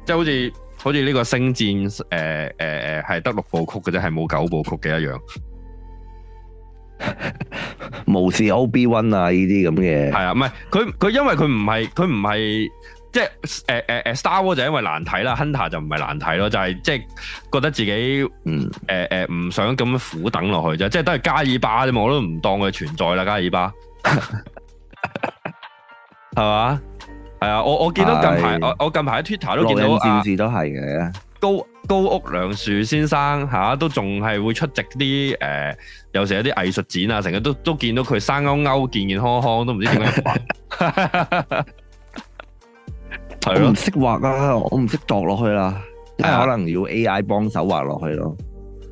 即係好似。好似呢個星戰誒誒誒係得六部曲嘅啫，係冇九部曲嘅一樣， 無視 OB One 啊呢啲咁嘅係啊，唔係佢佢因為佢唔係佢唔係即係誒誒誒 Star Wars 就因為難睇啦，Hunter 就唔係難睇咯，就係即係覺得自己嗯誒誒唔想咁苦等落去啫，即係都係加爾巴啫嘛，我都唔當佢存在啦，加爾巴好啊。係啊，我我見到近排我我近排喺 Twitter 都見到，羅兆志都係嘅。高高屋良樹先生吓都仲係會出席啲誒，有時有啲藝術展啊，成日都都見到佢生勾勾健健康康，都唔知點解。係唔識畫啊，我唔識度落去啦，可能要 AI 幫手畫落去咯。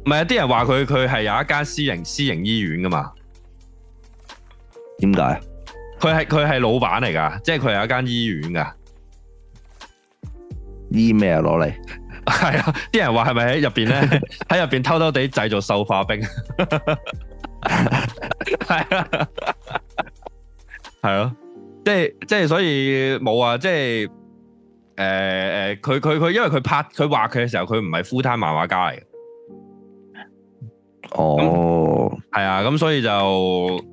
唔係啊，啲人話佢佢係有一間私營私營醫院噶嘛？點解？佢係佢係老闆嚟噶，即係佢係一間醫院噶。email 攞嚟？係 啊，啲人話係咪喺入邊咧？喺入邊偷偷地製造獸化兵？係 是啊，係咯。即係即係，所以冇啊。即係誒誒，佢佢佢，因為佢拍佢畫佢嘅時候，佢唔係 fulltime 漫畫家嚟嘅。哦、oh.，係啊，咁所以就。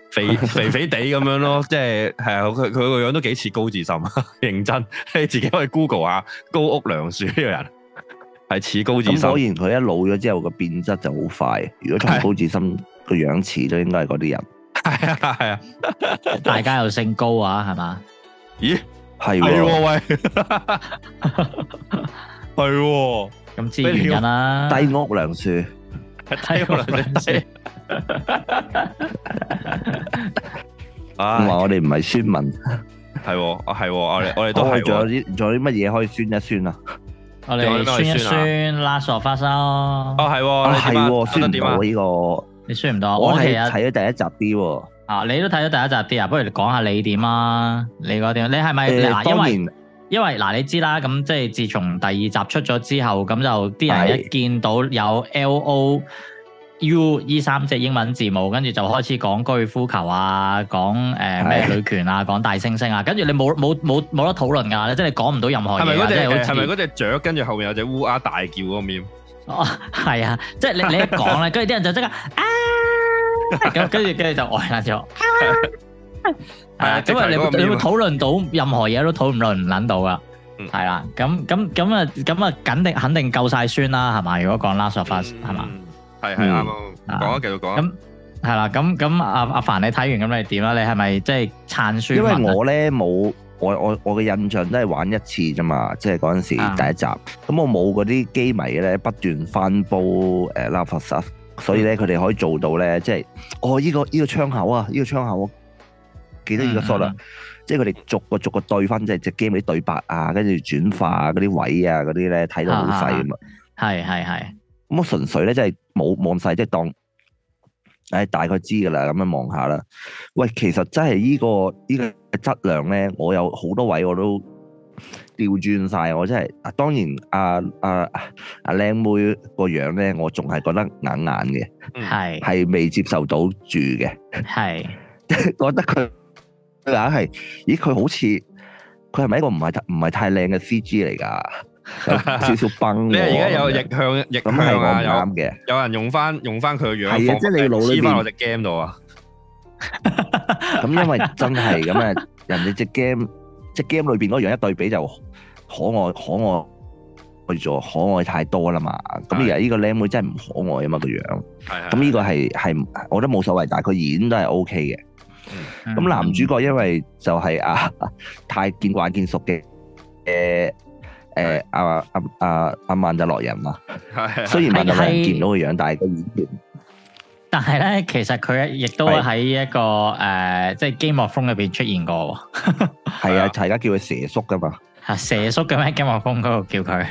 肥肥肥地咁，就是，樣咯，即係係啊，佢佢個樣都幾似高志森。啊， 認真，你自己可以 Google 下高屋良樹呢個人，係似高志森。咁果然佢一老咗之後個變質就好快。如果同高志森個 Hey. 樣似都應該係嗰啲人，啊。係啊係啊，大家又姓高啊，係嘛？咦，係喎，係喎，喂，係喎，咁自然低屋良樹。睇我哋先，啊！話我哋唔係酸民，係我係我哋我哋都係仲有啲仲有啲乜嘢可以酸一酸啊？我哋酸一酸，拉傻花生啊，係係酸唔到呢個？你酸唔到？我係睇咗第一集啲啊，你都睇咗第一集啲啊？不如你講下你點啊？你講點？你係咪嗱？因為因為嗱，你知啦，咁即係自從第二集出咗之後，咁就啲人一見到有 L O U 呢三隻英文字母，跟住就開始講高爾夫球啊，講誒咩女權啊，講大猩猩啊，跟住你冇冇冇冇得討論㗎，即係講唔到任何嘢。係咪嗰隻係咪嗰隻隻雀？跟住後，後面有隻烏鴉大叫嗰個面？哦，係啊，即係你你一講咧，跟住啲人就即刻啊，跟住跟住就呆咗。係啊，因為你你會討論到任何嘢都討論唔捻到噶，係啦，咁咁咁啊，咁啊，肯定肯定夠晒酸啦，係嘛？如果講《The Last of Us》，係嘛？係係啱啊，講啊，繼續講啊，咁係啦，咁咁阿阿凡你睇完咁你點啦？你係咪即係撐酸？因為我咧冇，我我我嘅印象都係玩一次啫嘛，即係嗰陣時第一集，咁我冇嗰啲機迷咧不斷翻煲誒《The Last of Us》，所以咧佢哋可以做到咧，即係哦呢個呢個窗口啊，呢個窗口。記得個嘅 short 啦？Pelled，即係佢哋逐個逐個對翻，即係隻 game 啲對白啊，跟住轉化嗰、啊、啲位啊，嗰啲咧睇到好細啊嘛。係係係。咁、哎、我純粹咧，即係冇望晒，即係當誒大概知噶啦，咁樣望下啦。喂，其實真係呢個呢個質量咧，Lightning、nosotros，This，我有好多位我都調轉晒，我真係。當然，阿阿阿靚妹個樣咧，我仲係覺得硬硬嘅，係係未接受到住嘅，係覺得佢。硬係，咦？佢好似佢係咪一個唔係唔係太靚嘅 CG 嚟噶？有少少崩。你而家有逆向逆向啊？啱嘅。有人用翻用翻佢個樣，係啊！即係你腦裏邊黐翻我隻 game 度啊！咁因為真係咁啊！人哋隻 game 隻 game 裏邊嗰樣一對比就可愛可愛，去咗可愛太多啦嘛！咁而家呢個靚妹真係唔可愛啊嘛個樣。係係。咁呢個係係，我覺得冇所謂，但係佢演都係 OK 嘅。咁、嗯嗯、男主角因為就係阿、啊、太見慣見熟嘅、啊，誒誒阿阿阿阿萬就落人啦， 是雖然萬就係見到個樣，但係個演員。但係咧，其實佢亦都喺一個誒，是啊、即係《Game of Thrones》入邊出現過。係啊，大家叫佢蛇叔噶嘛？吓 蛇叔咁喺《Game of Thrones》嗰度叫佢，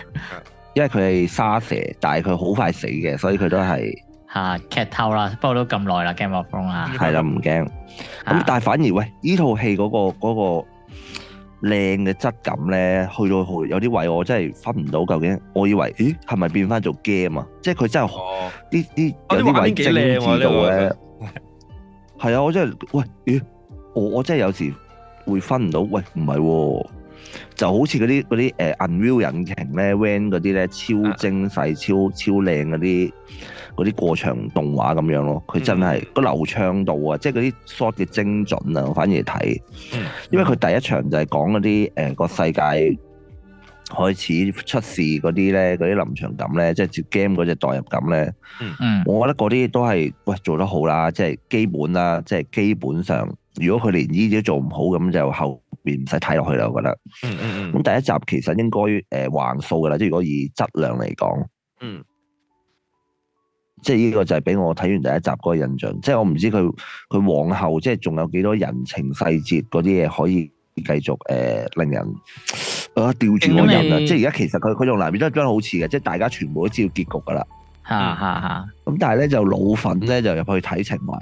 因為佢係沙蛇，但係佢好快死嘅，所以佢都係。 吓，劇透啦，不過都咁耐啦，game over 啦，係啦，唔驚。咁但係反而喂，呢套戲嗰個嗰個靚嘅質感咧，去到去有啲位我真係分唔到究竟。我以為咦，係咪變翻做 game 啊？即係佢真係呢呢有啲位精緻到咧，係啊！我真係喂，咦？我我真係有時會分唔到。喂，唔係，就好似嗰啲嗰啲誒，unreal 引擎咧，van 嗰啲咧，超精細、超超靚嗰啲。嗰啲過場動畫咁樣咯，佢真係個、嗯、流暢度啊，即係嗰啲 shot 嘅精準啊，我反而睇，嗯、因為佢第一場就係講嗰啲誒個世界開始出事嗰啲咧，嗰啲臨場感咧，即係接 game 嗰隻代入感咧。嗯嗯，我覺得嗰啲都係喂做得好啦，即係基本啦，即係基本上，如果佢連呢啲都做唔好，咁就後邊唔使睇落去啦。我覺得。嗯嗯嗯。咁第一集其實應該誒還數㗎啦，即係如果以質量嚟講。嗯。即係呢個就係俾我睇完第一集嗰個印象，即係我唔知佢佢往後即係仲有幾多人情細節嗰啲嘢可以繼續誒、呃、令人啊、呃、吊住個人啊、嗯！即係而家其實佢佢用藍片都裝得好似嘅，即係大家全部都知道結局㗎啦。嚇嚇嚇！咁、啊啊嗯、但係咧就老粉咧就入去睇情懷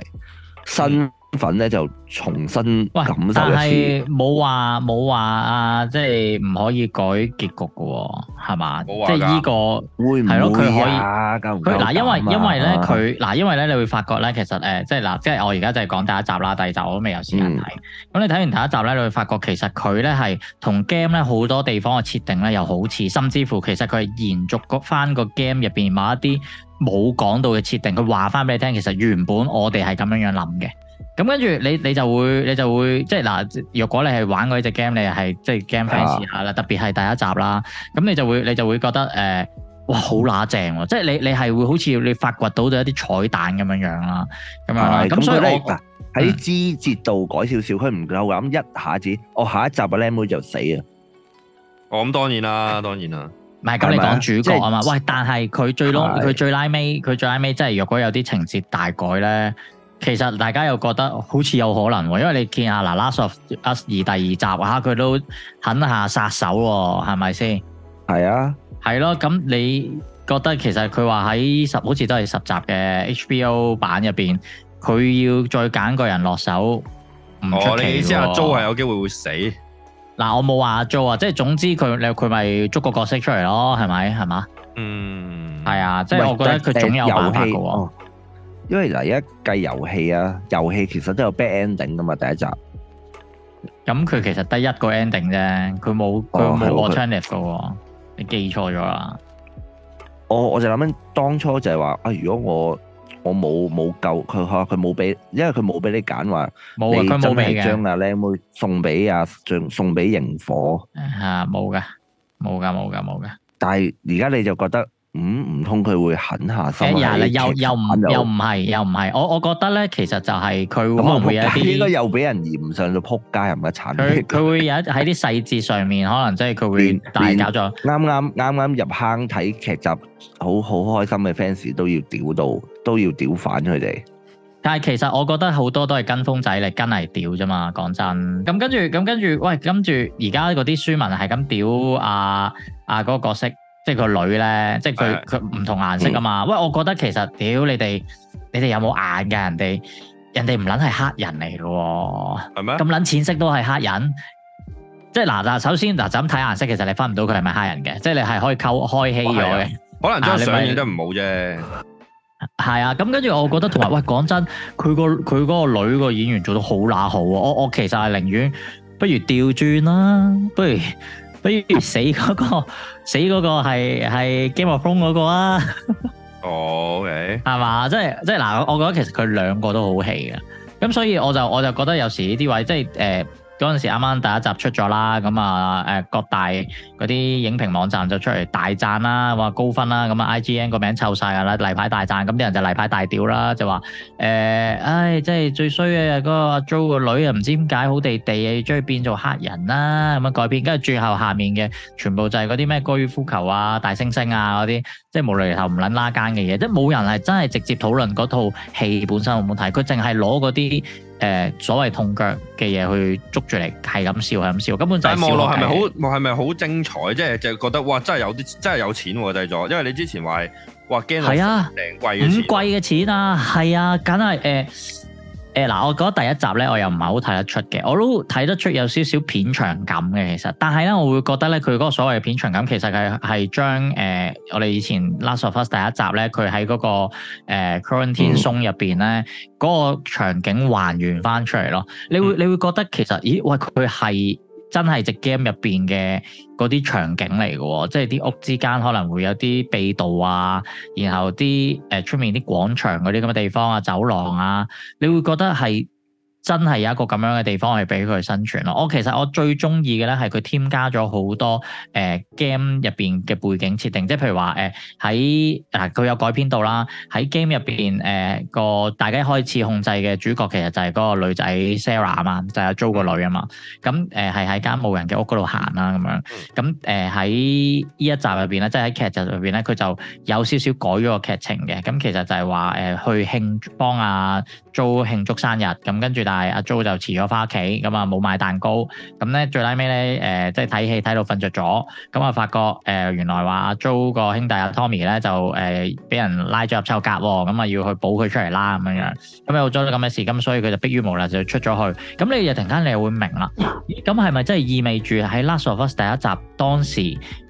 新。嗯粉咧就重新感受一次喂，但係冇話冇話啊，即係唔可以改結局噶，係嘛？冇話噶，即係呢個、會唔會啊？梗唔的會啦、啊它啊，因為因為咧佢嗱，因為咧你會發覺咧，其實誒、呃，即係嗱，即係我而家就係講第一集啦，第二集我都未有時間睇。咁、嗯、你睇完第一集咧，你會發覺其實佢咧係同 game 咧好多地方嘅設定咧又好似，甚至乎其實佢係延續嗰翻個 game 入邊某一啲冇講到嘅設定，佢話翻俾你聽，其實原本我哋係咁樣樣諗嘅。咁跟住，你你就會你就會即係嗱，若果你係玩嗰隻 game，你係即係 game fans 下啦，特別係第一集啦。咁你就會你就會覺得誒，哇，好乸正喎！即係你你係會好似你發掘到咗一啲彩蛋咁樣樣啦，咁樣。咁所以我喺枝節度改少少，佢唔夠咁一下子，我下一集嘅靚妹就死啊！我咁當然啦，當然啦。唔係咁你講主角啊嘛？喂，但係佢最 l 佢最拉尾佢最拉尾即係若果有啲情節大改咧。其實大家又覺得好似有可能喎，因為你見下嗱《Last of Us 二》第二集啊，佢都肯下殺手喎，係咪先？係啊，係咯。咁你覺得其實佢話喺十好似都係十集嘅 HBO 版入邊，佢要再揀個人落手唔出奇喎。哦，你意思阿 Jo 係有機會會死？嗱、啊，我冇話阿 Jo 啊，即係總之佢你佢咪捉個角色出嚟咯，係咪係嘛？嗯，係啊，即係我覺得佢總有辦法噶喎。呃呃呃呃呃呃呃呃因為嗱，而家計遊戲啊，遊戲其實都有 bad ending 噶嘛，第一集。咁佢其實得一個 ending 啫，佢冇佢冇 alternative 噶喎，你記錯咗啦。我我就諗緊當初就係話啊，如果我我冇冇救佢佢冇俾，因為佢冇俾你揀話，你真係將阿靚妹送俾阿將送俾螢火。吓，冇噶，冇噶，冇噶，冇噶。但係而家你就覺得？嗯，唔通佢會狠下心？係啊、嗯有，又又唔又唔係又唔係，我我覺得咧，其實就係佢會唔會有啲，應該又俾人嫌上咗仆街人物層。佢佢會有一喺啲細節上面， 可能即係佢會打攪咗。啱啱啱啱入坑睇劇集，好好開心嘅 fans 都要屌到，都要屌返佢哋。但係其實我覺得好多都係跟風仔嚟跟嚟屌啫嘛。講真，咁跟住咁跟住，喂，跟住而家嗰啲書文係咁屌阿阿嗰個角色。即係個女咧，即係佢佢唔同顏色啊嘛。嗯、喂，我覺得其實屌你哋，你哋有冇眼㗎？人哋人哋唔撚係黑人嚟嘅喎。係咩嗎？咁撚淺色都係黑人，即係嗱嗱。首先嗱就咁睇顏色，其實你分唔到佢係咪黑人嘅。即係你係可以溝開希咗嘅。可能張相影得唔好啫。係啊，咁跟住我覺得同埋，喂，講真，佢個佢嗰個女個演員做得好乸好啊！ 我我，我其實係寧願不如調轉啦，不如。比如死嗰個，死嗰個係係 Game of Phone 嗰個啊，哦，OK，係嘛？即係即係嗱，我覺得其實佢兩個都好戲嘅，咁所以我就我就覺得有時呢啲位即係誒。就是呃嗰陣時啱啱第一集出咗啦，咁啊誒各大嗰啲影評網站就出嚟大讚啦，話高分啦，咁啊 IGN 個名湊曬㗎啦，例牌大讚，咁啲人就例牌大屌啦，就話誒，唉，即係最衰嘅嗰個阿 Jo 個女啊，唔知點解好地地要將佢變做黑人啦，咁樣改編，跟住最後下面嘅全部就係嗰啲咩高爾夫球啊、大猩猩啊嗰啲，即係無厘頭唔撚拉更嘅嘢，即係冇人係真係直接討論嗰套戲本身好唔好睇，佢淨係攞嗰啲。誒、呃、所謂痛腳嘅嘢去捉住嚟，係咁笑，係咁笑，根本就係望落，係咪好，係咪好精彩？即係就覺得哇，真係有啲真係有錢喎、啊，製作、啊啊、因為你之前話係哇驚到勁貴嘅錢啊，係啊，梗係誒。誒嗱，我覺得第一集咧，我又唔係好睇得出嘅，我都睇得出有少少片場感嘅，其實，但係咧，我會覺得咧，佢嗰個所謂嘅片場感，其實係係將誒、呃、我哋以前 Last of Us 第一集咧，佢喺嗰個誒、呃、Quarantine 松入邊咧嗰、嗯、個場景還原翻出嚟咯，你會你會覺得其實，咦？喂，佢係。真係隻 game 入邊嘅嗰啲場景嚟嘅喎，即係啲屋之間可能會有啲秘道啊，然後啲誒出面啲廣場嗰啲咁嘅地方啊、走廊啊，你會覺得係。真係有一個咁樣嘅地方去俾佢生存咯。我其實我最中意嘅咧係佢添加咗好多誒 game 入邊嘅背景設定，即係譬如話誒喺啊佢有改編到啦，喺 game 入邊誒個大家開始控制嘅主角其實就係嗰個女仔 Sarah 啊，就阿 Joe o 個女啊嘛。咁誒係喺間冇人嘅屋嗰度行啦咁樣。咁誒喺呢一集入邊咧，即係喺劇集入邊咧，佢就有少少改咗個劇情嘅。咁其實就係話誒去慶幫啊，Joe 慶祝生日，咁跟住，但係阿 Joe 就遲咗返屋企，咁啊冇買蛋糕，咁咧最屘尾咧，誒、呃、即係睇戲睇到瞓着咗，咁啊發覺誒、呃、原來話阿 Joe 個兄弟阿 Tommy 咧就誒俾、呃、人拉咗入臭格，咁、呃、啊要去補佢出嚟啦咁樣樣，咁又出咗咁嘅事，咁所以佢就逼於無奈就出咗去，咁你又突然間你又會明啦，咁係咪真係意味住喺 Last of Us 第一集當時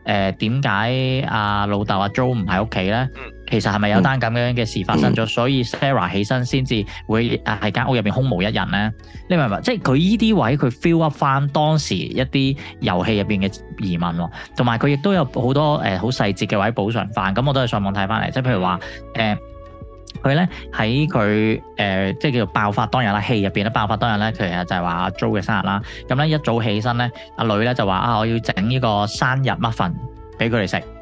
誒點解阿老豆阿 Joe 唔喺屋企咧？其實係咪有單咁樣嘅事發生咗，嗯、所以 Sarah 起身先至會喺間屋入邊空無一人咧？你明唔明？即係佢依啲位佢 fill up 翻當時一啲遊戲入邊嘅疑問，同埋佢亦都有好多誒好、呃、細節嘅位補償翻。咁我都係上網睇翻嚟，即係譬如話誒，佢咧喺佢誒即係叫做爆發當日啦，戲入邊咧爆發當日咧，其實就係話阿 Joe 嘅生日啦。咁咧一早起身咧，阿女咧就話啊，我要整呢個生日乜份俾佢嚟食。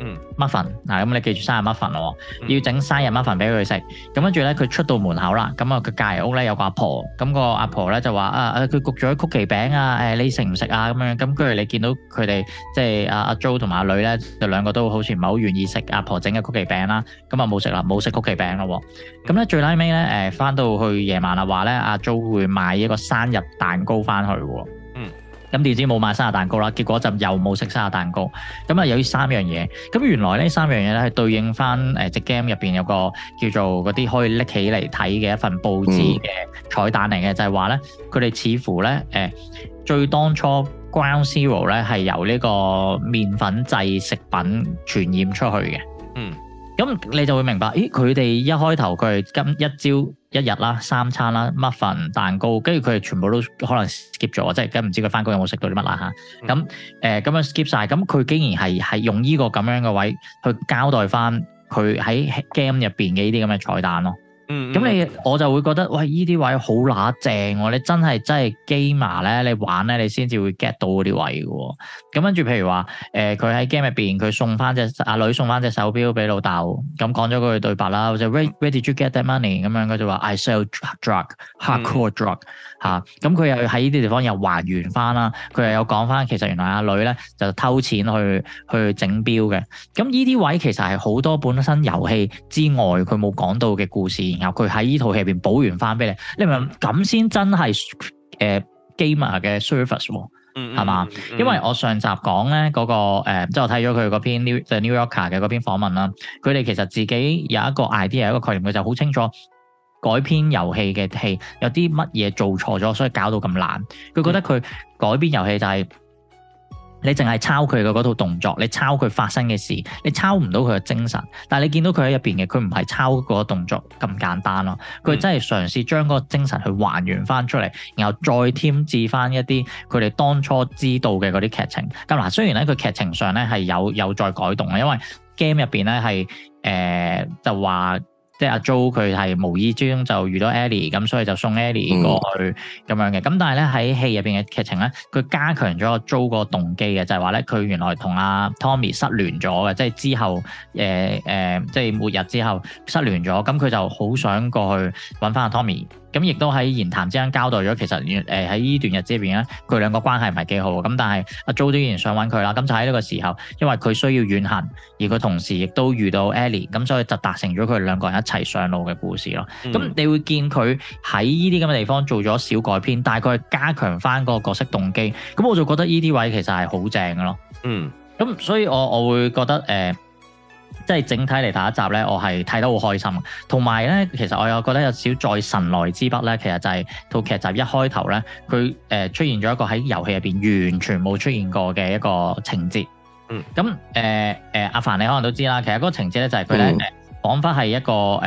嗯，muffin 嗱，咁你記住生日 muffin 喎，要整生日 muffin 俾佢食。咁跟住咧，佢出到門口啦，咁啊，佢隔籬屋咧有個阿婆，咁個阿婆咧就話啊啊，佢焗咗曲奇餅吃吃啊，誒，你食唔食啊？咁樣、啊，咁跟住你見到佢哋即係阿阿 Jo 同埋阿女咧，就兩個都好似唔係好願意食阿婆整嘅曲奇餅啦，咁啊冇食啦，冇食曲奇餅咯。咁咧最 last 尾咧，誒，翻到去夜晚啦，話咧阿 Jo 會買一個生日蛋糕翻去。咁點知冇買生日蛋糕啦，結果就又冇食生日蛋糕。咁啊，有呢三樣嘢。咁原來呢三樣嘢咧係對應翻誒隻 game 入邊有個叫做嗰啲可以拎起嚟睇嘅一份報紙嘅彩蛋嚟嘅，嗯、就係話咧，佢哋似乎咧誒最當初 Ground Zero 咧係由呢個麵粉製食品傳染出去嘅。嗯。咁你就會明白，咦？佢哋一開頭佢係今一朝。一日啦，三餐啦，乜份蛋糕，跟住佢哋全部都可能 skip 咗，即係跟唔知佢返工有冇食到啲乜啦吓，咁誒咁樣 skip 晒，咁佢竟然係係用呢個咁樣嘅位去交代返佢喺 game 入邊嘅呢啲咁嘅彩蛋咯。咁你我就會覺得，喂，依啲位好乸正喎、哦！你真係真係 gamer 咧，你玩咧，你先至會 get 到嗰啲位嘅喎、哦。咁跟住，譬如話，誒，佢喺 game 入邊，佢送翻隻阿女，送翻隻手錶俾老豆，咁講咗句對白啦，就 where，where did you get that money 咁樣，佢就話 I sell drug，hardcore drug 嚇 drug, drug。咁佢、嗯啊、又喺呢啲地方又還原翻啦，佢又有講翻，其實原來阿女咧就偷錢去去整錶嘅。咁依啲位其實係好多本身遊戲之外佢冇講到嘅故事。然後佢喺呢套戲入邊補完翻俾你，你明？咁先真係誒 Gamer 嘅 Surface 喎，係、hmm. 嘛？因為我上集講咧嗰個誒，即、呃、係我睇咗佢嗰篇、The、New New Yorker 嘅嗰篇訪問啦，佢哋其實自己有一個 idea 有一個概念，佢就好清楚改編遊戲嘅戲有啲乜嘢做錯咗，所以搞到咁爛。佢覺得佢改編遊戲就係、是。你淨係抄佢嘅嗰套動作，你抄佢發生嘅事，你抄唔到佢嘅精神。但係你見到佢喺入邊嘅，佢唔係抄嗰個動作咁簡單咯。佢真係嘗試將嗰個精神去還原翻出嚟，然後再添置翻一啲佢哋當初知道嘅嗰啲劇情。咁嗱，雖然咧佢劇情上咧係有有再改動啊，因為 game 入邊咧係誒就話。即係阿 Jo 佢係無意之中就遇到 Ellie，咁所以就送 Ellie 過去咁樣嘅。咁、嗯、但係咧喺戲入邊嘅劇情咧，佢加強咗阿 Jo 嗰個動機嘅，就係話咧佢原來同阿 Tommy 失聯咗嘅，即係之後誒誒、呃呃、即係末日之後失聯咗，咁佢就好想過去揾翻阿 Tommy。咁亦都喺言談之間交代咗，其實誒喺呢段日子入邊咧，佢兩個關係唔係幾好。咁但係阿 Jo 依然想揾佢啦。咁就喺呢個時候，因為佢需要遠行，而佢同時亦都遇到 Ellie，咁所以就達成咗佢兩個人一齊上路嘅故事咯。咁、嗯、你會見佢喺呢啲咁嘅地方做咗小改編，大概加強翻個角色動機。咁我就覺得呢啲位其實係好正㗎咯。嗯。咁所以我，我我會覺得誒。呃即係整體嚟睇一集咧，我係睇得好開心。同埋咧，其實我又覺得有少再神來之筆咧，其實就係套劇集一開頭咧，佢誒出現咗一個喺遊戲入邊完全冇出現過嘅一個情節。嗯，咁誒誒，阿凡你可能都知啦，其實嗰個情節咧就係佢咧，講返係一個誒，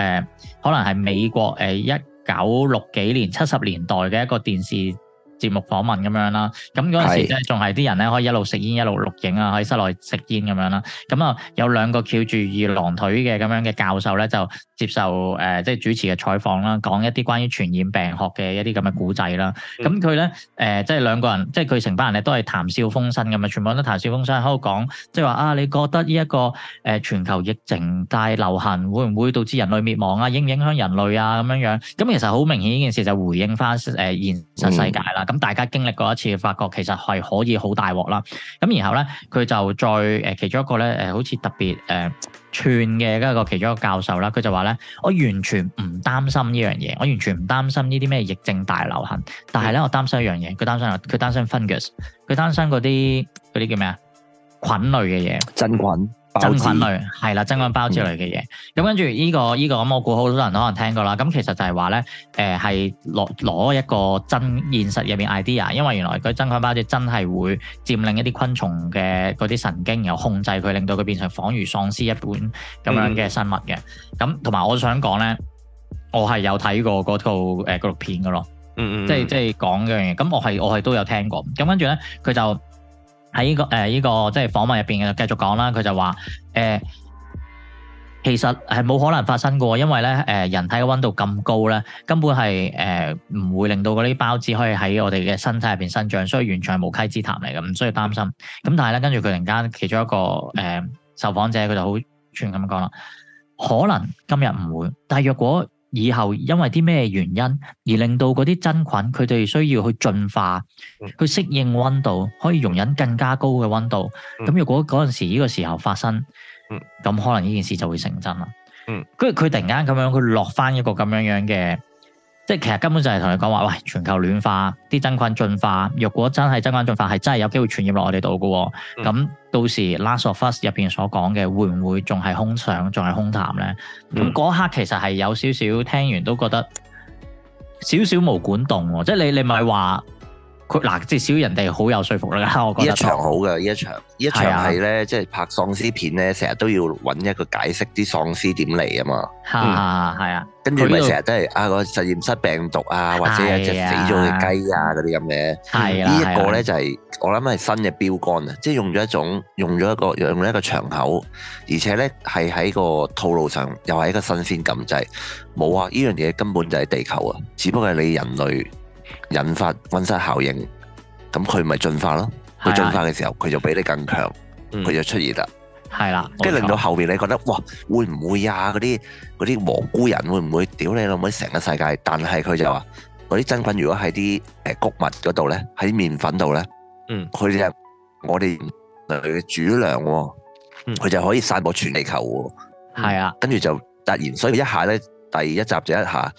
可能係美國誒一九六幾年七十年代嘅一個電視。節目訪問咁樣啦，咁嗰陣時咧仲係啲人咧可以一路食煙一路錄影啊，喺室內食煙咁樣啦。咁啊有兩個翹住二郎腿嘅咁樣嘅教授咧就接受誒即係主持嘅採訪啦，講一啲關於傳染病學嘅一啲咁嘅古仔啦。咁佢咧誒即係兩個人，即係佢成班人咧都係談笑風生咁啊。全部都談笑風生喺度講，即係話啊，你覺得呢一個誒全球疫情大流行會唔會導致人類滅亡啊？影唔影響人類啊？咁樣樣咁其實好明顯，呢件事就回應翻誒現實世界啦。嗯。咁大家經歷過一次，發覺其實係可以好大鑊啦。咁然後咧，佢就再誒、呃、其中一個咧誒、呃，好似特別誒、呃、串嘅一個其中一個教授啦，佢就話咧：我完全唔擔心呢樣嘢，我完全唔擔心呢啲咩疫症大流行。但係咧，我擔心一樣嘢，佢擔心佢擔心 fungus，佢擔心嗰啲啲叫咩啊？菌類嘅嘢。真菌。真菌類係啦，真菌包之類嘅嘢，咁跟住呢個呢、呢個咁，我估好多人都可能聽過啦。咁其實就係話咧，誒係攞攞一個真現實入邊 idea，因為原來佢真菌包即真係會佔領一啲昆蟲嘅嗰啲神經，然後控制佢，令到佢變成仿如喪屍一般咁樣嘅生物嘅。咁同埋我想講咧，我係有睇過嗰套誒紀錄片噶咯，嗯，嗯，即係即係講樣嘢。咁我係我係都有聽過。咁跟住咧，佢就。喺呢、這個誒呢、呃這個即係訪問入邊，就繼續講啦。佢就話誒、呃，其實係冇可能發生嘅，因為咧誒、呃，人體嘅溫度咁高咧，根本係誒唔會令到嗰啲孢子可以喺我哋嘅身體入邊生長，所以完全係無稽之談嚟嘅，唔需要擔心。咁但係咧，跟住佢突然間其中一個誒、呃、受訪者，佢就好串咁講啦，可能今日唔會，但係若果。以後因為啲咩原因而令到嗰啲真菌佢哋需要去進化，去適應温度，可以容忍更加高嘅温度。咁如果嗰陣時呢個時候發生，咁可能呢件事就會成真啦。跟住佢突然間咁樣，佢落翻一個咁樣樣嘅。即係其實根本就係同你講話，喂！全球暖化，啲真菌進化，若果真係真菌進化，係真係有機會傳染落我哋度嘅。咁、嗯、到時 Last of Us 入邊所講嘅，會唔會仲係空想，仲係空談咧？咁嗰、嗯、刻其實係有少少聽完都覺得少少無管動喎。即係、嗯、你你咪話？嗱、啊，至少人哋好有說服力啦。我覺得一場好嘅，一場一場係咧，是啊、即係拍喪屍片咧，成日都要揾一個解釋啲喪屍點嚟啊嘛。係啊，啊跟住咪成日都係啊、嗰個實驗室病毒啊，或者一隻死咗嘅雞啊嗰啲咁嘅。係是啊，呢一個咧就係、是、我諗係新嘅標杆啊，即係用咗一種，用咗一個，用，一個，用一個場口，而且咧係喺個套路上又係一個新鮮感。制冇啊，呢樣嘢根本就係地球啊，只不過係你人類。引發溫室效應，咁佢咪進化咯？佢是的 進化嘅時候，佢就比你更強，佢就出現啦。係啦、嗯，跟住令到後面你覺得哇，會唔會啊？嗰啲嗰啲蘑菇人會唔會屌你老妹成個世界？但係佢就話嗰啲真菌如果喺啲誒穀物嗰度咧，喺麵粉度咧，嗯，佢就我哋嚟煮糧喎，佢就、嗯、可以散播全地球喎、哦。啊、嗯，跟住就突然，所以一下咧，第一集就一下。一下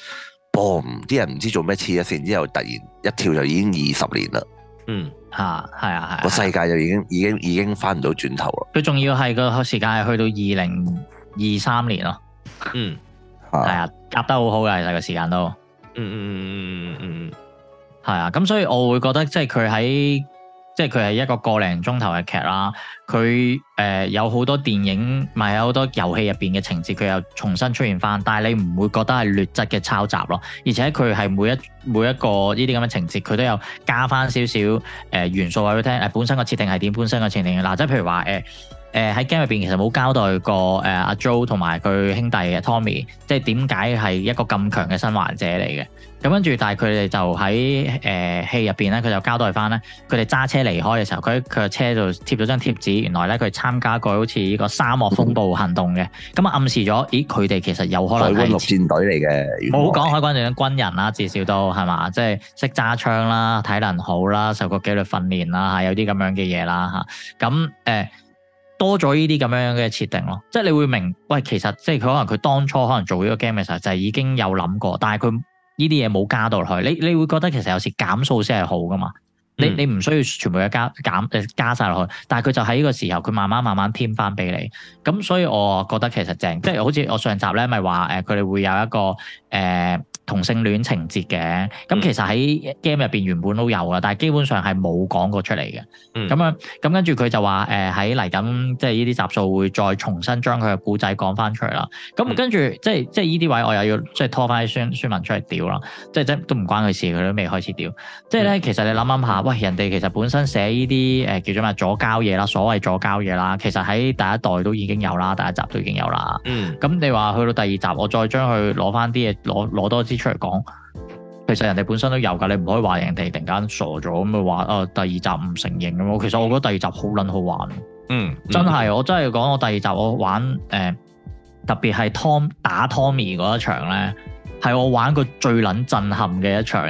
boom！啲、哦、人唔知做咩黐咗綫之後突然一跳就已經二十年啦。嗯，吓係啊係。個、啊啊啊、世界就已經已經已經翻唔到轉頭啦。最重要係個時間係去到二零二三年咯。嗯，係、嗯、啊，夾得好好噶其實個時間都。嗯嗯嗯嗯嗯嗯，係啊。咁所以我會覺得即係佢喺。即係佢係一個一個零鐘頭嘅劇啦，佢誒、呃、有好多電影，咪有好多遊戲入邊嘅情節，佢又重新出現翻，但係你唔會覺得係劣質嘅抄襲咯。而且佢係每一每一個呢啲咁嘅情節，佢都有加翻少少誒元素話俾佢聽，誒本身個設定係點，本身個設定嗱、呃，即係譬如話誒誒喺 game 入邊其實冇交代過誒阿、呃、Joe 同埋佢兄弟嘅 Tommy，即係點解係一個咁強嘅生還者嚟嘅。咁跟住，但係佢哋就喺誒、呃、戲入邊咧，佢就交代翻咧，佢哋揸車離開嘅時候，佢喺佢嘅車度貼咗張貼紙。原來咧，佢參加過好似呢個沙漠風暴行動嘅。咁啊，暗示咗咦，佢哋其實有可能海軍陸戰隊嚟嘅。冇講海軍，就講軍人啦，至少都係嘛，即係識揸槍啦，體能好啦，受過紀律訓練啦，嚇，有啲咁樣嘅嘢啦，嚇。咁誒多咗呢啲咁樣嘅設定咯，即係你會明，喂，其實即係佢可能佢當初可能做呢個 game 嘅時候就已經有諗過，但係佢。呢啲嘢冇加到落去，你你會覺得其實有時減數先係好㗎嘛？你你唔需要全部嘅加減誒加曬落去，但係佢就喺呢個時候佢慢慢慢慢添翻俾你，咁所以我覺得其實正，即係好似我上集咧咪話誒佢哋會有一個誒。呃同性戀情節嘅，咁其實喺 game 入邊原本都有噶，但係基本上係冇講過出嚟嘅。咁樣、嗯，咁跟住佢就話誒喺嚟緊，即係呢啲集數會再重新將佢嘅故仔講翻出嚟啦。咁、嗯、跟住即係即係依啲位，我又要即係拖翻啲宣文出嚟屌啦，即係即都唔關佢事，佢都未開始屌。即係咧，其實你諗諗下，喂，人哋其實本身寫呢啲誒叫做咩左交嘢啦，所謂左交嘢啦，其實喺第一代都已經有啦，第一集都已經有啦。咁、嗯、你話去到第二集，我再將佢攞翻啲嘢攞攞多。出嚟講，其實人哋本身都有㗎，你唔可以話人哋突然間傻咗咁，咪話啊第二集唔承認咁啊！其實我覺得第二集好撚好玩，嗯，真係的、嗯、我真係講我第二集我玩誒、呃、特別係 Tom 打 Tommy 嗰一場咧，係我玩過最撚震撼嘅一場。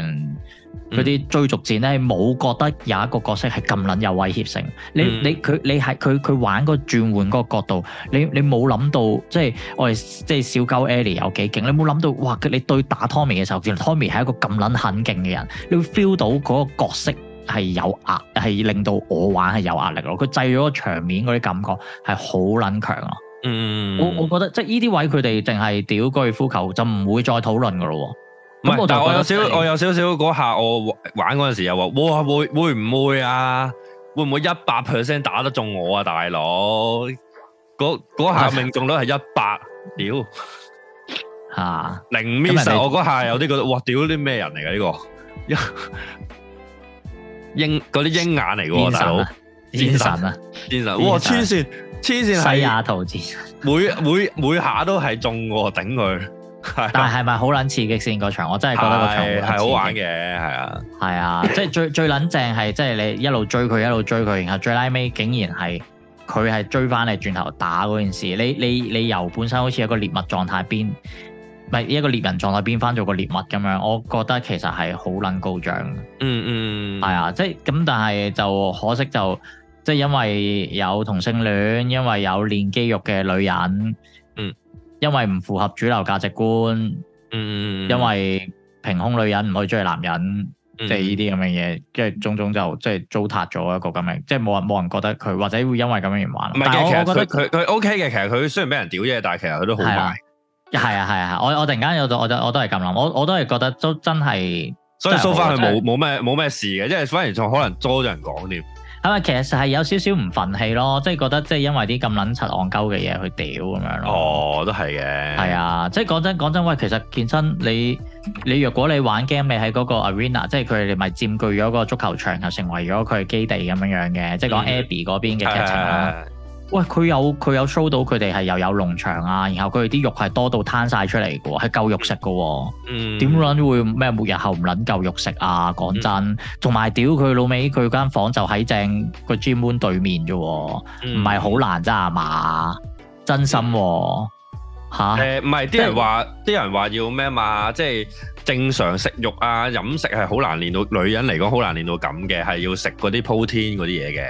嗰啲追逐戰咧，冇覺得有一個角色係咁撚有威脅性，你、嗯你。你你佢你係佢佢玩個轉換嗰個角度，你你冇諗到，即係我哋即係小狗 Ellie 有幾勁？你冇諗到哇！你對打 Tommy 嘅時候，見到 Tommy 係一個咁撚狠勁嘅人，你會 feel 到嗰個角色係有壓，係令到我玩係有壓力咯。佢製咗個場面嗰啲感覺係好撚強啊！嗯，我我覺得即係呢啲位佢哋淨係屌高爾夫球，就唔會再討論噶咯喎。唔係，但係我有少，我有少少嗰下，我玩嗰陣時又話，哇，會會唔會啊？會唔會一百 percent 打得中我啊？大佬，嗰嗰下命中率係一百，屌吓，零 miss？其實我嗰下有啲覺得，哇，屌，啲咩人嚟嘅呢個？鷹嗰啲鷹眼嚟嘅喎，大佬，戰神啊，戰神，哇，黐線，黐線。係啊，屠劍，每每每下都係中喎，頂佢。但係係咪好捻刺激先？嗰場我真係覺得個場係好玩嘅，係啊，係 啊，即係最最捻正係，即係你一路追佢，一路追佢，然後最拉尾竟然係佢係追翻你轉頭打嗰件事。你你你由本身好似一個獵物狀態變，唔係一個獵人狀態變翻做個獵物咁樣，我覺得其實係好捻高漲。嗯嗯嗯，係啊，即係咁，但係就可惜就即係因為有同性戀，因為有練肌肉嘅女人。因為唔符合主流價值觀，嗯，因為平胸女人唔可以追男人，即係呢啲咁嘅嘢，即係種種就即係、就是、糟蹋咗一個咁嘅，即係冇人冇人覺得佢，或者會因為咁樣而玩。唔係，其實我覺得佢佢 O K 嘅，其實佢雖然俾人屌嘢，但係其實佢都好賣。係啊係啊係啊！我我突然間有就我我都係咁諗，我我都係覺得都真係。真所以蘇芬佢冇冇咩冇咩事嘅，因為反而仲可能多咗人講添。係咪其實係有少少唔憤氣咯？即係覺得即係因為啲咁撚柒戇鳩嘅嘢去屌咁樣咯？哦，都係嘅。係 啊，即係講真講真，喂，其實健身你你若果你玩 game，你喺嗰個 arena，即係佢哋咪佔據咗嗰個足球場，又成為咗佢基地咁樣樣嘅，即係講 Abby 嗰邊嘅劇情啦。 喂，佢有佢有 show 到佢哋係又有農場啊，然後佢哋啲肉係多到攤晒出嚟嘅喎，係夠肉食嘅喎。點諗、嗯、會咩末日後唔撚夠肉食啊？講真，同埋屌佢老味，佢間房就喺正個 gym 對面啫、啊，唔係好難啫係嘛？真心嚇、啊？誒唔係啲人話啲人話要咩嘛？即係。正常食肉啊，飲食係好難練到，女人嚟講好難練到咁嘅，係要食嗰啲 protein 嗰啲嘢嘅。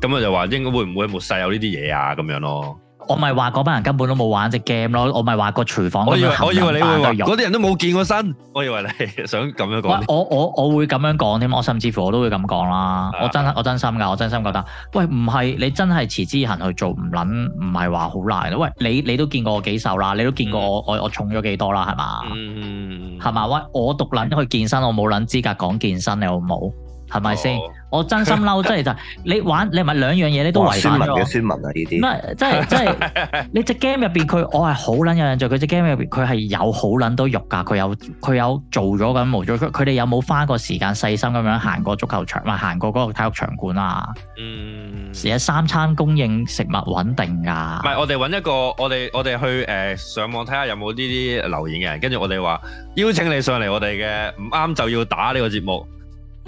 咁啊就話應該會唔會末世有呢啲嘢啊咁樣咯。我咪話嗰班人根本都冇玩隻 game 咯。我咪話個廚房嗰啲人我以為，我以為你會，嗰啲人都冇健過身。我以為你想咁樣講。我我我會咁樣講添。我甚至乎我都會咁講啦。我真我真心㗎，我真心覺得喂，唔係你真係持之以恒去做，唔撚唔係話好難咯。喂，你你都見過我幾瘦啦，你都見過我見過我、嗯、我，我重咗幾多啦，係嘛？嗯係嘛？喂，我獨撚去健身，我冇撚資格講健身你有冇？係咪先？Oh. 我真心嬲，真係就你玩你咪兩樣嘢，你都違反咗。仲文嘅仲文啊，呢啲唔係，真係真係。 你隻 game 入邊佢，我係好撚有印象。佢隻 game 入邊佢係有好撚多肉㗎，佢有佢有做咗咁無咗佢。佢哋有冇花過時間細心咁樣行過足球場嘛？行過嗰個體育場館啊？嗯，而且三餐供應食物穩定㗎、啊。唔係，我哋揾一個，我哋我哋去誒、呃、上網睇下有冇呢啲留言嘅人，跟住我哋話邀請你上嚟我哋嘅，唔啱就要打呢個節目。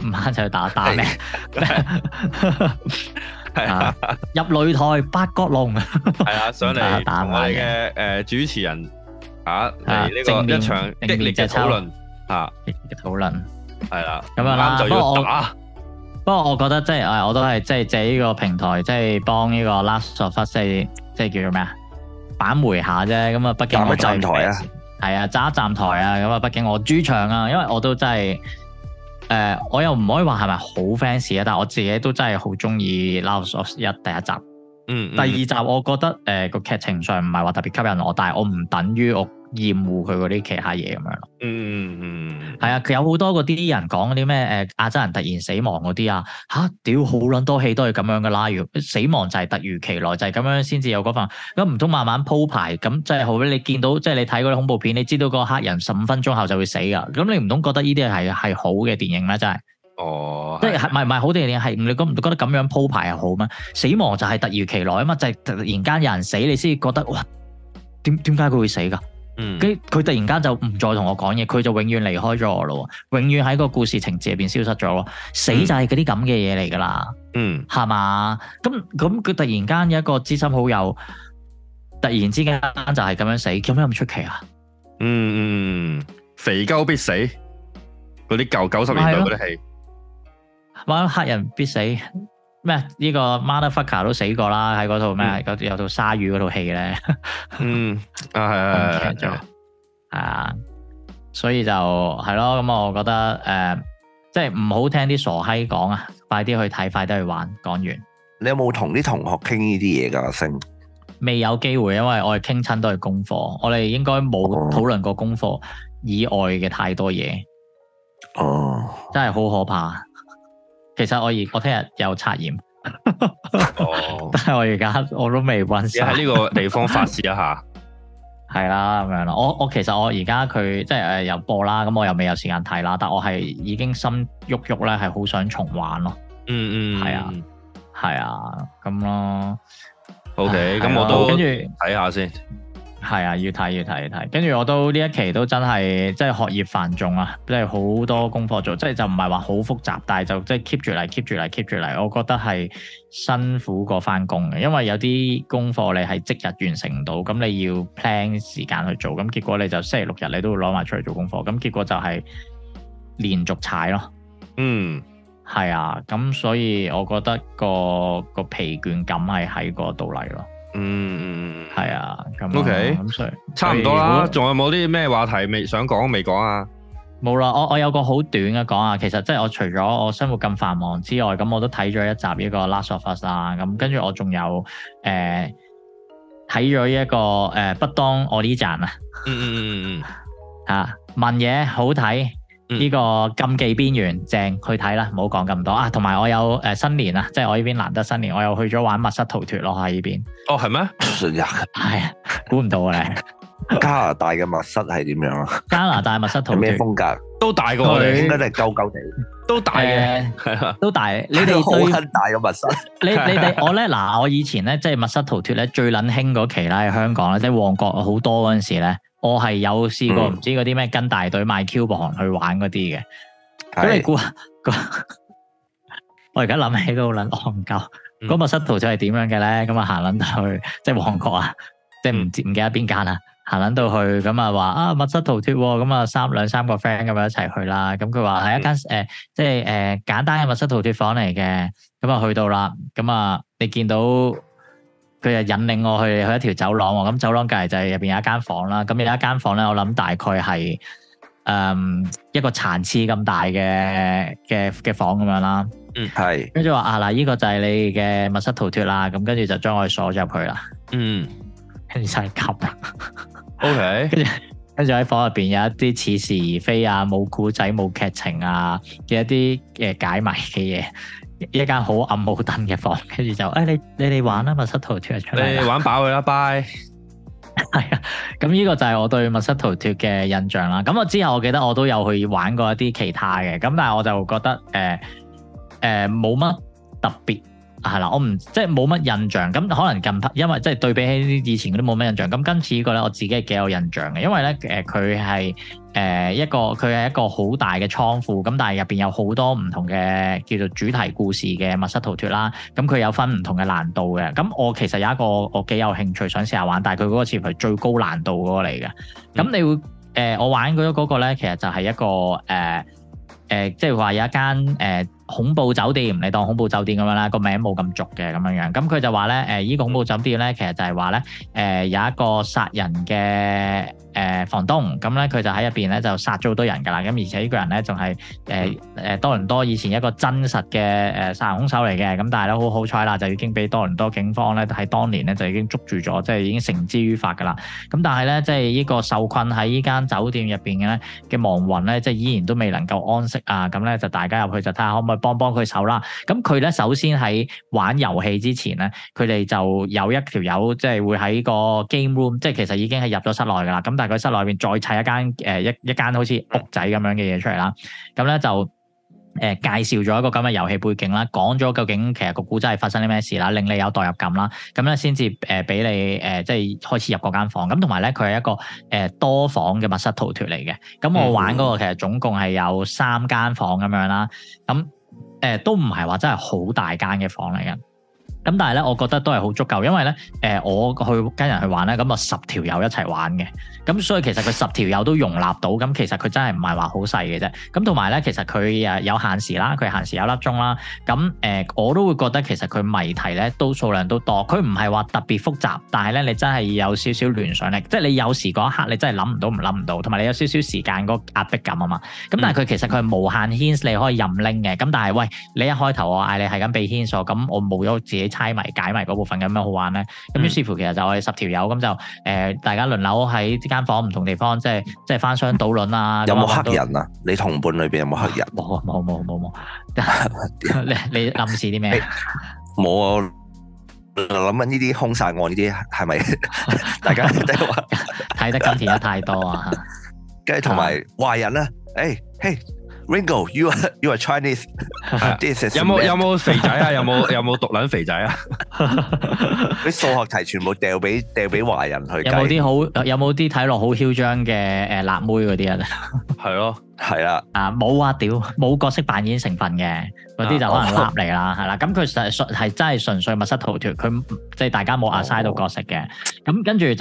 唔啱就去打打咩？係 入擂台八角龍。係 啊，上嚟打嘅。誒，主持人的啊，嚟呢面個一場激烈嘅討論啊，討論係啦。咁啊，啱就要打。不過我覺得即係，誒，我都係即係借呢個平台，即係幫呢個 Last of Us，即係叫做咩啊？板回下啫。咁啊，畢竟揸、就是、站台啊，係 啊，揸站台啊。咁啊，畢竟我主場啊，因為我都真係。誒，uh，我又唔可以話係咪好 fans 啊，但係我自己都真係好中意 The Last of Us 第一集。嗯，第二集我覺得誒個、呃、劇情上唔係話特別吸引我，但係我唔等於我厭惡佢嗰啲其他嘢咁樣咯。嗯嗯嗯，係啊，佢有好多嗰啲人講嗰啲咩誒亞洲人突然死亡嗰啲啊，嚇屌好撚多戲都係咁樣嘅啦，如死亡就係突如其來就係、是、咁樣先至有嗰份，咁唔通慢慢鋪排咁即係好俾你見到即係、就是、你睇嗰啲恐怖片，你知道個黑人十五分鐘後就會死噶，咁你唔通覺得呢啲係係好嘅電影咧？真係。哦，即係唔係唔係好定係，你覺唔覺得咁樣鋪排係好咩？死亡就係突如其來啊嘛，就係、是、突然間有人死，你先覺得哇，點點解佢會死噶？佢、嗯、突然間就唔再同我講嘢，佢就永遠離開咗我咯，永遠喺個故事情節入邊消失咗咯。死就係嗰啲咁嘅嘢嚟噶啦，嗯，係嘛？咁咁佢突然間有一個知心好友，突然之間就係咁樣死，叫咩唔出奇啊？嗯嗯，肥鳩必死，嗰啲舊九十年代嗰啲戲。玩黑人必死咩？呢、呢個 motherfucker 都死過啦，喺嗰套咩？嗯、有套鯊魚嗰套戲咧。 嗯，啊係係係啊，嗯、所以就係咯。咁我覺得誒、呃，即係唔好聽啲傻閪講啊，快啲去睇，快啲去玩。講完，你有冇同啲同學傾呢啲嘢噶？阿星未有機會，因為我哋傾親都係功課，我哋應該冇討論過功課以外嘅太多嘢。哦、嗯嗯嗯嗯嗯，真係好可怕。其實我而 我聽日有測驗，但係我而家我都未溫。而喺呢個地方發洩一下，係啦咁樣啦。我我其實我而家佢即係誒又播啦，咁我又未有時間睇啦，但我係已經心喐喐，啦，係好想重玩、mm hmm. 啊啊、咯。嗯嗯，係啊，係啊，咁咯。O K，咁我都跟住睇下先。係啊，要睇要睇要睇，跟住我都呢一期都真係即係學業繁重啊，即係好多功課做，即係就唔係話好複雜，但係就即係 keep 住嚟，keep 住嚟，keep 住嚟。我覺得係辛苦過翻工嘅，因為有啲功課你係即日完成唔到，咁你要 plan 時間去做，咁結果你就星期六日你都會攞埋出嚟做功課，咁結果就係連續踩咯。嗯，係啊，咁所以我覺得個個疲倦感係喺嗰度嚟咯。嗯，係啊，咁、啊、OK，咁所以差唔多啦、啊。仲以有冇啲咩話題未想講未講啊？冇啦，我我有個好短嘅講啊。其實即係我除咗我生活咁繁忙之外，咁我都睇咗一集呢、這個 Last of Us 啊。咁跟住我仲有誒睇咗一個誒、呃、不當哥哥了呢站啊。嗯嗯嗯嗯，吓、啊、問嘢好睇。呢個禁忌邊緣正去睇啦，唔好講咁多啊！同埋我有誒、呃、新年啊，即係我呢邊難得新年，我又去咗玩密室逃脫咯喺呢邊。哦，係咩？係啊、 哎，估唔到啊！加拿大嘅密室係點樣啊？加拿大密室逃脫咩 風格？都大過我， 應該都係舊舊哋，都大嘅、呃，都大。 你哋好撚大嘅密室。你你哋 我咧嗱，我以前咧即係密室逃脫咧最撚興嗰期啦，喺香港啦，即係旺角好多嗰陣時咧。我係有試過唔知嗰啲咩跟大隊買 Q 幣去玩嗰啲嘅，咁你估啊？我而家諗起都好撚戇鳩。嗰密室逃脱係點樣嘅咧？咁啊行撚到去，即係旺角啊，即係唔唔記得邊間啊？行撚到去，咁啊話啊密室逃脱咁啊，三兩三個 friend 咁樣一齊去啦。咁佢話係一間誒即係誒簡單嘅密室逃脱房嚟嘅。咁啊去到啦，咁啊你見到？佢就引領我去去一條走廊喎，咁走廊隔籬就係入邊有一間房啦，咁有一間房咧，我諗大概係誒、呃、一個殘廁咁大嘅嘅嘅房咁樣啦。嗯，係。跟住話啊嗱，依、呢個就係你嘅密室逃脫啦，咁跟住就將我鎖咗入去啦。嗯，跟住曬急。 O Okay . K。跟住跟住喺房入邊有一啲似是而非啊，冇故仔冇劇情啊嘅一啲誒解謎嘅嘢。一間好暗冇燈嘅房，跟住就，誒、哎、你你哋玩啦，密室逃脱出嚟，你哋玩飽佢啦，拜、拜。係啊， 咁呢個就係我對密室逃脱嘅印象啦。咁我之後我記得我都有去玩過一啲其他嘅，咁但係我就覺得，誒誒冇乜特別，係啦，我唔即係冇乜印象。咁可能近排因為即係對比起以前嗰啲冇乜印象。咁今次個呢個咧，我自己係幾有印象嘅，因為咧，誒佢係。誒一個佢係一個好大嘅倉庫，咁但係入邊有好多唔同嘅叫做主題故事嘅密室逃脫啦，咁佢有分唔同嘅難度嘅，咁我其實有一個我幾有興趣想試下玩，但係佢嗰個似乎係最高難度嗰、嗰個嚟嘅，咁你會誒、嗯呃、我玩嗰個嗰個咧，其實就係一個誒誒、呃呃，即係話有一間誒。呃恐怖酒店，你當恐怖酒店咁樣啦，個名冇咁俗嘅，咁樣樣，咁佢就話咧，誒、呃、依個恐怖酒店咧，其實就係話咧，誒、呃、有一個殺人嘅，誒、呃、房東咁咧，佢就喺入邊咧就殺咗好多人噶啦。咁而且呢個人咧仲係誒誒多倫多以前一個真實嘅誒殺人兇手嚟嘅。咁但係咧好好彩啦，就已經俾多倫多警方咧喺當年咧就已經捉住咗，即係已經繩之於法噶啦。咁但係咧，即係依個受困喺依間酒店入邊嘅咧嘅亡魂咧，即係依然都未能夠安息啊！咁咧就大家入去就睇下可唔可以。幫幫佢手啦。咁佢咧首先喺玩遊戲之前咧，佢哋就有一條友即係會喺個 game room，即係其實已經係入咗室內噶啦。咁但係佢室內邊再砌一間誒一、呃、一間好似屋仔咁樣嘅嘢出嚟啦。咁咧就誒、呃、介紹咗一個咁嘅遊戲背景啦，講咗究竟其實個古仔係發生啲咩事啦，令你有代入感啦。咁咧先至誒俾你誒、呃、即係開始入嗰間房。咁同埋咧，佢係一個誒多房嘅密室逃脫嚟嘅。咁我玩嗰個其實總共係有三間房咁樣啦。咁誒都唔係話真係好大間嘅房嚟嘅。咁但係咧，我覺得都係好足夠，因為咧，誒，我去跟人去玩啦，咁啊十條友一齊玩嘅，咁所以其實佢十條友都容納到，咁其實佢真係唔係話好細嘅啫。咁同埋咧，其實佢誒有限時啦，佢限時有粒鐘啦。咁誒我都會覺得其實佢謎題咧都數量都多，佢唔係話特別複雜，但係咧你真係有少少聯想力，即係你有時嗰一刻你真係諗唔到唔諗唔到，同埋你有少少時間嗰壓迫感啊嘛。咁但係佢其實佢係無限提示，你可以任拎嘅。咁但係喂，你一開頭我嗌你係咁俾提示，咁我冇咗自己。猜謎解謎嗰部分有咩好玩咧？咁於是乎，其實我、嗯、就我哋十條友咁就誒，大家輪流喺呢間房唔同地方，即係即係翻箱倒櫃啊。有冇黑人啊？都你同伴裏邊有冇黑人？冇冇冇冇冇。你你暗示啲咩？冇啊！我諗緊呢啲兇殺案呢啲係咪？是是 大家睇 得金田一太多 啊！跟住同埋壞人咧，誒嘿。Ringo，you are you are Chinese。有冇有冇肥仔啊？有冇有冇毒撚肥仔啊？啲 數 學題全部掉俾掉俾華人去有冇。有冇啲好？有冇啲睇落好囂張嘅呃辣妹嗰啲人啊？係 咯。係啦，啊冇啊，屌冇角色扮演成分嘅，嗰啲就可能笠嚟啦，係啦、啊。咁佢就係純真係純粹密室逃脫，佢即係大家冇 assign 到角色嘅。咁跟住就誒，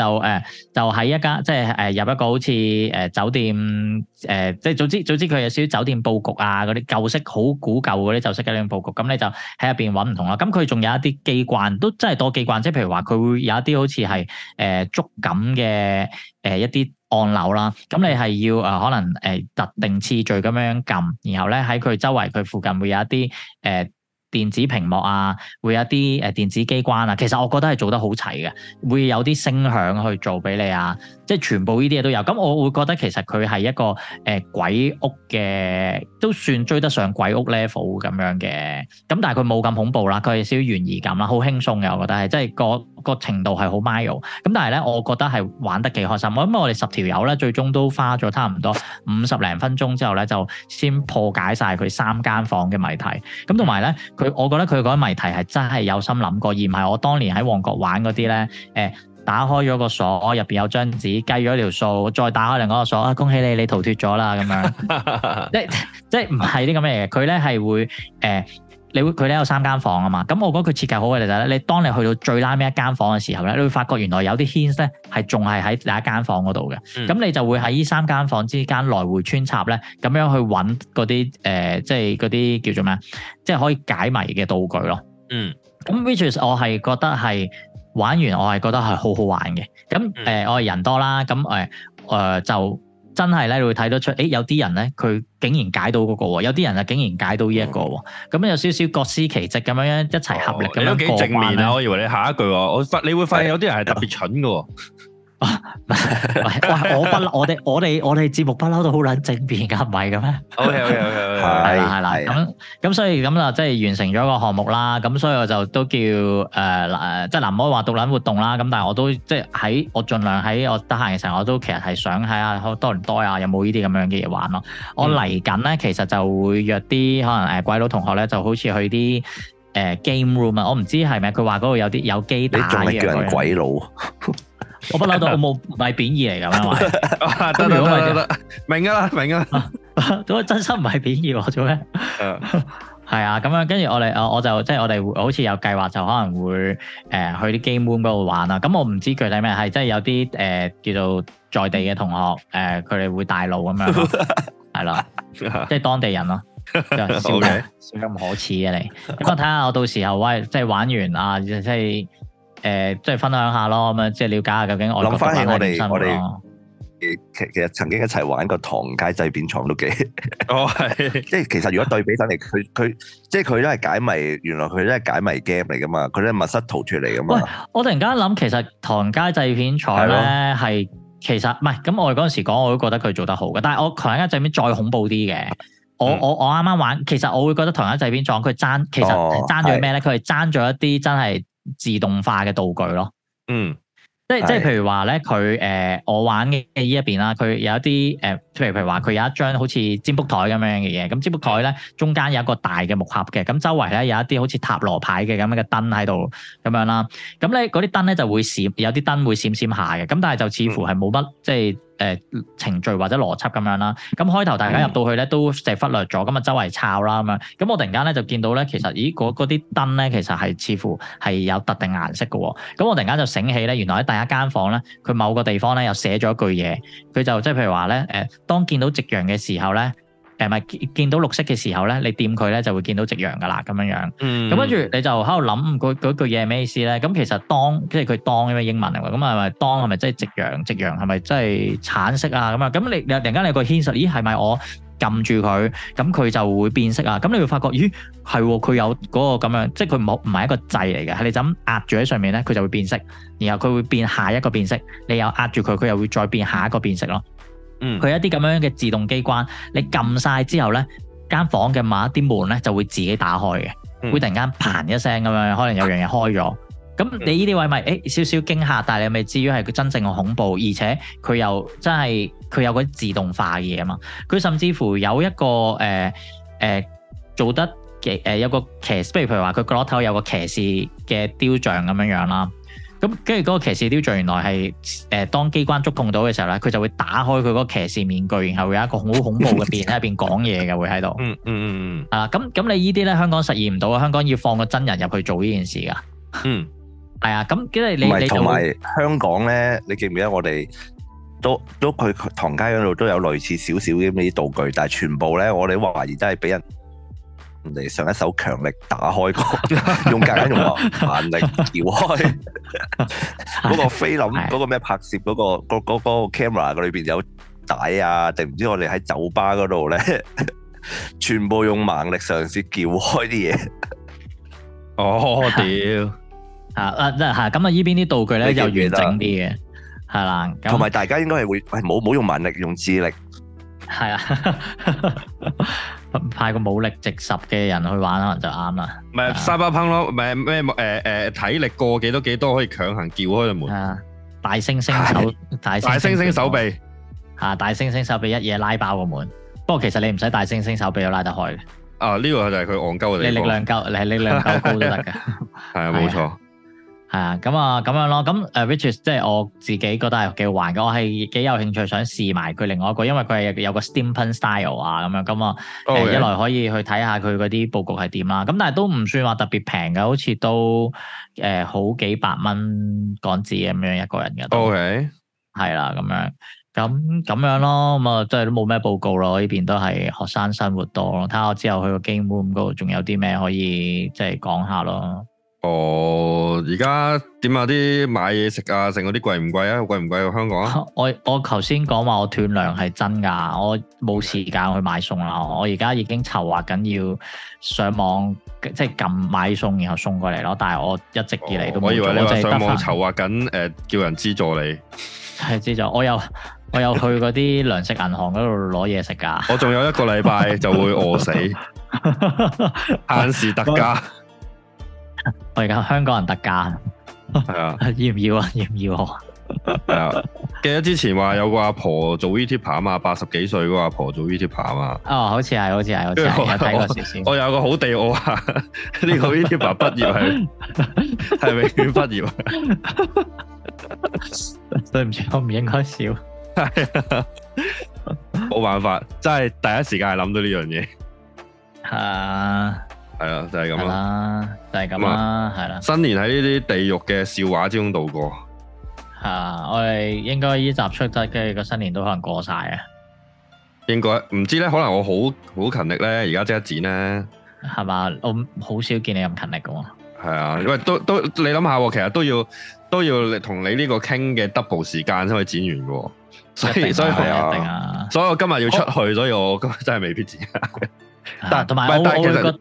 就喺一家即係誒入一個好似誒酒店誒，即係總之總之佢有少少酒店佈局啊，嗰啲舊式好古舊嗰啲舊式嘅啲佈局。咁你就喺入邊揾唔同啦。咁佢仲有一啲機關，都真係多機關。即係譬如話，佢會有一啲好似係誒觸感嘅誒、呃、一啲。按鈕啦，咁你係要誒、呃、可能誒特、呃、定次序咁樣撳，然後咧喺佢周圍佢附近會有一啲誒、呃、電子屏幕啊，會有一啲誒電子機關啊，其實我覺得係做得好齊嘅，會有啲聲響去做俾你啊。即係全部呢啲嘢都有，咁我會覺得其實佢係一個誒、呃、鬼屋嘅，都算追得上鬼屋 level 咁樣嘅，咁但係佢冇咁恐怖啦，佢有少少懸疑感啦，好輕鬆嘅，我覺得係，即係個個程度係好 mild，咁但係咧，我覺得係玩得幾開心，我諗我哋十條友咧，最終都花咗差唔多五十零分鐘之後咧，就先破解晒佢三間房嘅謎題，咁同埋咧，佢我覺得佢嗰個謎題係真係有心諗過，而唔係我當年喺旺角玩嗰啲咧，誒、呃。打開咗個鎖，入邊有張紙，計咗條數，再打開另外一個鎖，啊，恭喜你，你逃脫咗啦咁樣。 即即唔係啲咁嘅嘢，佢咧係會誒、呃，你會佢咧有三間房啊嘛。咁我覺得佢設計好嘅就係咧，你當你去到最拉尾一間房嘅時候咧，你會發覺原來有啲 hints 咧係仲係喺第一間房嗰度嘅。咁、嗯、你就會喺呢三間房之間來回穿插咧，咁樣去揾嗰啲誒，即係嗰啲叫做咩，即係可以解謎嘅道具咯。嗯，咁 which is 我係覺得係。玩完我係覺得係好好玩嘅，咁、嗯、誒、呃、我係人多啦，咁誒誒就真係咧你會睇得出，誒、欸、有啲人咧佢竟然解到嗰、那個喎，有啲人啊竟然解到呢、這、一個喎，咁、嗯、有少少各司其職咁樣一齊合力咁樣。有幾、哦、正面啊！我以為你下一句喎，我發你會發現有啲人係特別蠢㗎喎。哇！ 我不嬲，我哋我哋我哋節目不嬲都好撚正面噶，唔係嘅咩？OK OK OK 係啦係啦。咁咁的所以咁啊，即係完成咗個項目啦。咁所以我就都叫誒，即係唔可以話獨撚活動啦。咁但係我都即係喺我盡量喺我得閒嘅時候，我都其實係想睇下多倫多啊，有冇、嗯、呢啲咁樣嘅嘢玩咯。我嚟緊咧，其實就會約啲可能誒鬼佬同學咧，就好似去啲誒、呃、game room 啊。我唔知係咪佢話嗰度有啲有機打嘅嘢。你仲係叫人鬼佬？ 我不嬲都，我冇唔係貶義嚟噶嘛，得得得，明啦明啦，咁啊真心唔係貶義喎，做咩？係啊，咁樣跟住我哋，我就我就即係我哋，我我好似有計劃就可能會誒、呃、去啲 Game Room 嗰度玩啊。咁我唔知具體咩，係即係有啲誒、呃、叫做在地嘅同學誒，佢、呃、哋會帶路咁樣，係啦、 啊，即、就、係、是、當地人咯、啊。少嘅，咁可恥嘅、啊、你，咁我睇下我到時候，喂、呃，即係玩完啊，即係。即誒、呃，即係分享下咯，咁樣即係了解下究竟我諗翻、嗯、我哋，我哋，其其實曾經一齊玩過《唐街製片廠》都 幾、哦，哦即係其實如果對比翻嚟，佢佢，即係佢都係解謎，原來佢都係解謎 game 嚟噶嘛，佢都係密室逃脫嚟噶嘛。喂，我突然間諗，其實《唐街製片廠》咧係的其實唔係，咁我哋嗰陣時講我都覺得佢做得好嘅，但係《我唐街製片》再恐怖啲嘅，我、嗯、我我啱啱玩，其實我會覺得《唐街製片廠》佢爭，其實爭咗咩咧？佢係爭咗一啲真係自動化嘅道具咯，嗯，即係即係譬如話咧，佢誒、呃，我玩嘅依一邊啦，佢有一啲誒、呃，譬如譬如話佢有一張好似占卜台咁樣嘅嘢，咁占卜台咧中間有一個大嘅木盒嘅，咁周圍咧有一啲好似塔羅牌嘅咁樣嘅燈喺度咁樣啦，咁咧嗰啲燈咧就會閃，有啲燈會閃閃下嘅，咁但係就似乎係冇乜即係。嗯誒、呃、程序或者邏輯咁樣啦，咁開頭大家入到去咧都即係忽略咗，咁啊周圍抄啦咁樣，咁我突然間咧就見到咧，其實咦嗰啲燈咧其實係似乎係有特定顏色嘅喎，咁我突然間就醒起咧，原來喺第一間房咧，佢某個地方咧又寫咗一句嘢，佢就即係譬如話咧，誒當見到夕陽嘅時候咧。誒咪見到綠色嘅時候咧，你掂佢咧就會見到夕陽噶啦，咁樣樣。嗯。咁跟住你就喺度諗嗰句嘢係咩意思咧？咁其實當即係佢當嘅英文嚟㗎。咁係咪當係咪即係夕陽？夕陽係咪即係橙色啊？咁啊？咁你你，你突然間你個牽涉，咦係咪我撳住佢？咁佢就會變色啊？咁你會發覺，咦係喎，佢有嗰個咁樣，即係佢冇唔係一個掣嚟嘅，係你就咁壓住喺上面咧，佢就會變色。然後佢會變下一個變色，你又壓住佢，佢又會再變下一個變色咯。佢一啲咁樣嘅自動機關，你撳晒之後咧，間房嘅某一啲門咧就會自己打開嘅，會突然間砰一聲咁樣，可能有樣嘢開咗。咁你呢啲位咪誒、欸、少少驚嚇，但係你咪至於係佢真正嘅恐怖，而且佢又真係佢有嗰啲自動化嘅嘢嘛。佢甚至乎有一個誒誒、呃呃、做得嘅誒、呃、有個騎士，譬如譬如話佢角落頭有個騎士嘅雕像咁樣樣啦。咁跟住嗰個騎士雕像原來係誒當機關觸控到嘅時候咧，佢就會打開佢嗰個騎士面具，然後會有一個好恐怖嘅面喺入邊講嘢嘅， 會喺度、 嗯。嗯嗯嗯嗯。係啦，咁咁你依啲咧香港實現唔到啊，香港要放個真人入去做呢件事㗎。嗯，係啊，咁因為你是你同就埋香港咧，你記唔記得我哋都都佢唐人街度都有類似少少咁啲道具，但係全部咧我哋懷疑都係俾人。人哋上一首強力打開歌，用夾硬用蠻力撬開嗰個菲林，嗰個咩拍攝嗰個個個個 camera 嗰裏邊有帶啊？定唔知我哋喺酒吧嗰度咧，全部用蠻力嘗試撬開啲嘢。哦，屌啊！啊，嗱嚇，咁啊依邊啲道具咧又完整啲嘅，係啦。同埋大家應該係會，係冇冇用蠻力，用智力。係啊， 派個武力值十嘅人去玩可能就啱啦。咪沙巴烹咯，咪咩誒誒體力過幾多幾多可以強行撬開個門。啊 大猩猩手大猩猩手臂吓， 大猩猩手， 手臂一嘢拉爆個門。 不過其實你唔使大猩猩手臂都拉得開嘅。啊，呢、這個就係佢戇鳩嘅地方。你力量夠，你力量夠高，高都得嘅。係啊，冇錯。係啊，咁啊，咁樣咯，咁誒 which is 即係我自己覺得係幾好玩嘅，我係幾有興趣想試埋佢另外一個，因為佢係有個 steampunk style 啊咁樣，咁啊 Okay.、嗯，一來可以去睇下佢嗰啲佈局係點啦，咁但係都唔算話特別平嘅，好似都誒、呃、好幾百蚊港紙咁樣一個人嘅。O K，係啦，咁樣，咁咁樣咯，咁啊，即係都冇咩報告咯，呢邊都係學生生活多咯，睇下我之後去個 game room 度仲有啲咩可以即係講下咯。哦，而家點啊？啲買嘢食啊，成嗰啲貴唔貴啊？貴唔貴香港啊？我我頭先講話我斷糧係真噶我冇時間去買餸啦。我而家已經籌劃緊要上網即係撳買餸，然後送過嚟咯。但係我一直以嚟都冇、哦。我以為你話上網籌劃緊誒，叫人資助你係資助。我有我又去嗰啲糧食銀行嗰度攞嘢食噶。我仲有， 有一個禮拜就會餓死， 限時特價。我而家香港人特價，係啊，要唔要啊？要唔要我啊？係啊，記得之前話有個阿婆做 VTuber 啊嘛，八十幾歲個阿婆做 VTuber 啊嘛，哦，好似係，好似係，好似我睇個少先。我有個好地我啊，呢 個 VTuber 畢業係係永遠畢業 啊，對唔住，我唔應該笑，冇辦法，真係第一時間係諗到呢樣嘢啊。Uh .係啊，就係咁啦，就係咁啦，係啦。新年喺呢啲地獄嘅笑話之中度過。係啊，我哋應該呢集出得，嘅，跟住個新年都可能過晒啊。應該唔知咧，可能我好好勤力咧，而家即刻剪咧。係嘛，我好少見你咁勤力嘅。係啊，因為都都你諗下，其實都要都要同你呢個傾嘅 double 時間先可以剪完嘅。所以定、啊、所以是是定啊，所以我今日要出去，哦、所以我今日真係未必剪。 但係同埋，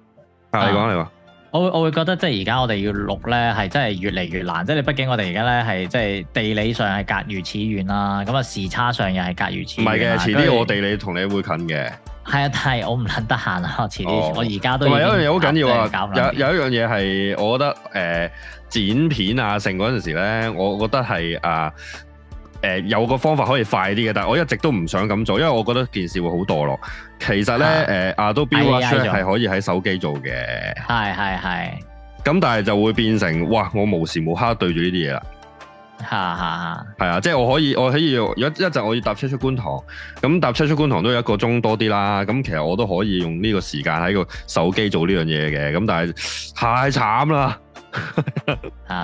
你講你講，我會、啊、我會覺得即係而家我哋要錄咧，係真係越嚟越難。即係你畢竟我哋而家咧係即係地理上係隔如此遠啦，咁啊時差上又係隔如此遠。唔係嘅，遲啲我地理同你會近嘅。係啊，哦、但係我唔肯得閒啊。遲啲我而家都唔係有一樣嘢好緊要啊！搞有有一樣嘢係我覺得誒、呃、剪片啊成嗰陣時咧，我覺得係啊。誒、呃、有個方法可以快啲嘅，但係我一直都唔想咁做，因為我覺得件事會好墮落。其實呢，誒啊都表啊書係可以喺手機做嘅，係係係。咁、啊啊啊、但係就會變成哇，我無時無刻對住呢啲嘢啦。係係係。啊，即、啊、係、啊就是、我可以，我可以。若一陣我要搭車出觀塘，咁搭車出觀塘都有一個鐘多啲啦。咁其實我都可以用呢個時間喺個手機做呢樣嘢嘅。咁但係太慘啦。吓，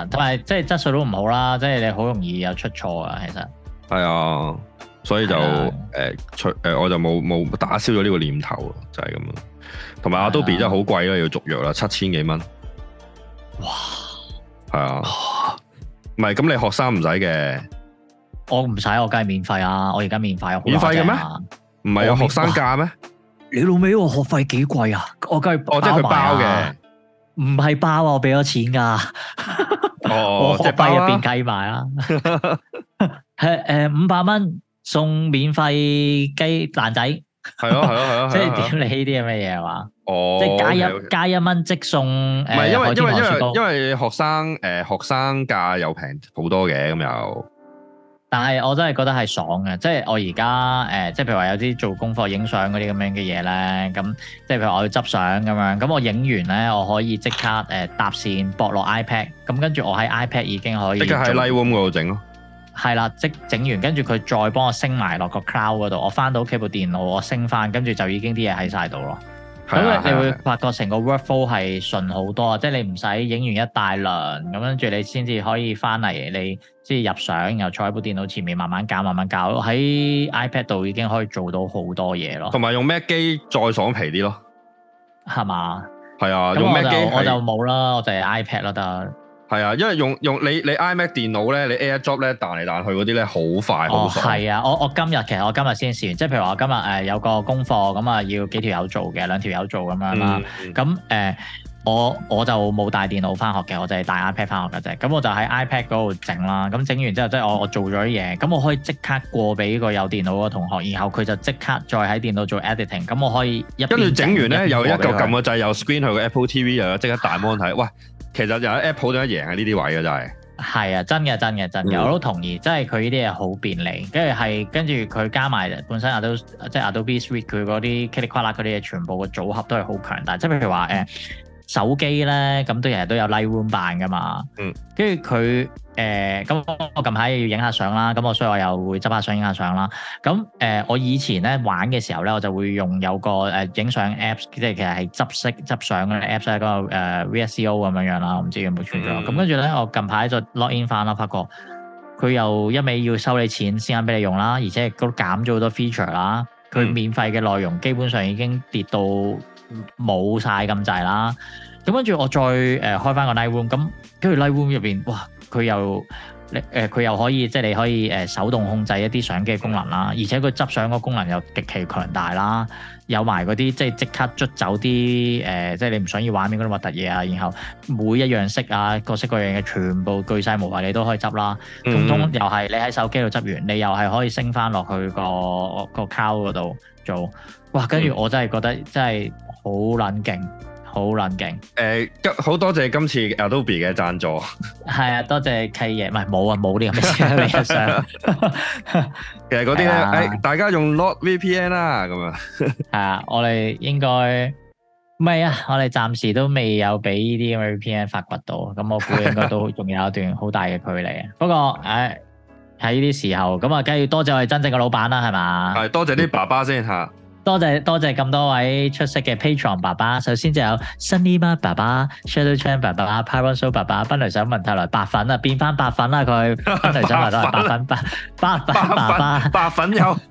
同埋、 啊、即係質素都唔好啦，即係你好容易有出錯啊，其實係啊、哎，所以就誒、啊呃、出誒、呃，我就冇冇打消咗呢個念頭，就係咁咯。同埋 Adobe 真係好貴咯，要續約啦，七千幾蚊。哇，係啊、哎呦，唔係咁你學生唔使嘅，我唔使，我梗係免費啊，我而家免費又免費嘅咩？唔係啊，學生價咩？你老味，我學費幾貴啊？我梗係我即係佢包嘅。啊唔係包，我俾咗錢噶，我喺入邊計埋啦。誒 誒、哦，五百蚊送免費雞蛋仔，係咯，係咯，係咯，啊啊啊啊、 即係點？你呢啲係咩嘢係嘛？哦，即係加一 加一蚊即送誒，唔係因為因為因為因為學生誒、呃、學生價又平好多嘅，咁又。但係我真係覺得係爽嘅，即係我而家誒，即係譬如話有啲做功課、影相嗰啲咁樣嘅嘢咧，咁即係譬如我要執相咁樣，咁我影完咧，我可以即刻誒、呃、搭線駁落 iPad，咁跟住我喺 iPad 已經可以、嗯。即刻喺 Lightroom 嗰度整咯。係啦，即整完跟住佢再幫我升埋落個 Cloud 嗰度，我返到屋企部電腦我升返，跟住就已經啲嘢喺晒度咯。咁、啊啊、你會發覺成個 workflow 係順好多啊！即、就、係、是、你唔使影完一大輪，咁跟住你先至可以翻嚟，你先入相，然後坐喺部電腦前面慢慢搞，慢慢搞咯。喺 iPad 度已經可以做到好多嘢咯，同埋用 Mac 機再爽皮啲咯，係嘛吧？係啊，用 Mac 機我就冇啦，我就係 iPad 啦得。係啊，因為用用你你 iMac 電腦咧，你 AirDrop 咧彈嚟彈去嗰啲咧好快好快。係、哦、啊，我我今日其實我今日先試完，即係譬如話我今日誒、呃、有個功課咁啊，要幾條友做嘅，兩條友做咁、嗯、樣啦。咁、呃、誒我我就冇帶電腦翻學嘅，我就係帶 iPad 翻學嘅啫。咁我,我就喺 iPad 嗰度整啦。咁整完之後即係我我做咗啲嘢，咁我可以即刻過俾個有電腦嘅同學，然後佢就即刻再喺電腦做 editing。咁我可以跟住整完咧，一一按按 TV, 又一個撳個掣，係又 screen 去個 Apple TV 又即刻大 mon 睇，喂！其實就喺 Apple 都一贏啊，呢啲位嘅就係，係啊真嘅真嘅真嘅，嗯、我都同意，即係佢呢啲嘢好便利，跟住係跟住佢加埋本身阿都即係 Adobe Suite 佢嗰啲奇哩瓜喇嗰啲嘢，佢啲全部嘅組合都係好強大，即係譬如話誒。呃 手機咧，咁都日日都有 live room 扮㗎嘛，跟住佢誒咁我近排要影下相啦，咁我所以我又會執下相影下相啦。咁誒、呃、我以前咧玩嘅時候咧，我就會用有個誒影、呃、相 apps，即係其實係執色執相嘅 apps，一、嗰個、呃、VSCO 咁樣樣啦，唔知有冇存在。咁跟住咧，我近排就 login 翻啦，發覺佢又一味要收你錢先肯俾你用啦，而且都減咗好多 feature 啦，佢免費嘅內容基本上已經跌到。冇晒咁滯啦，咁跟住我再誒、呃、開翻個 Lightroom，咁跟住 Lightroom 入邊，哇！佢又誒佢、呃、又可以即係你可以誒手動控制一啲相機嘅功能啦，而且佢執相嘅功能又極其強大啦，有埋嗰啲即係即係刻捽走啲誒、呃、即係你唔想要畫面嗰啲核突嘢啊，然後每一樣色啊各式各樣嘅全部巨細無遺你都可以執啦，嗯、通通又係你喺手機度執完，你又係可以升翻落去個、那個 cloud 嗰度做，哇！跟住我真係覺得真係～、嗯好冷靜，好冷靜。誒、欸，今好多謝今次 Adobe 嘅贊助。係 啊，多謝契爺，唔係冇啊，冇呢咁嘅事。 其實嗰啲咧，誒、哎，大家用 Not VPN 啦，咁啊。係 啊，我哋應該唔係啊，我哋暫時都未有俾呢啲咁嘅 VPN 發掘到，咁我估應該都仲有一段好大嘅距離啊。 不過，誒、哎，喺呢啲時候，咁啊，梗要多謝我哋真正嘅老闆啦，係嘛？係，多謝啲爸爸先吓。啊多謝多謝，咁多位出色嘅 Patron 爸爸，首先就有 Sunny 媽爸爸、Shadow Chan 爸爸、Pyron Show 爸爸，奔雷手文泰來白粉啊，變翻白粉啦佢，奔雷手文都係白粉白粉爸爸白粉有。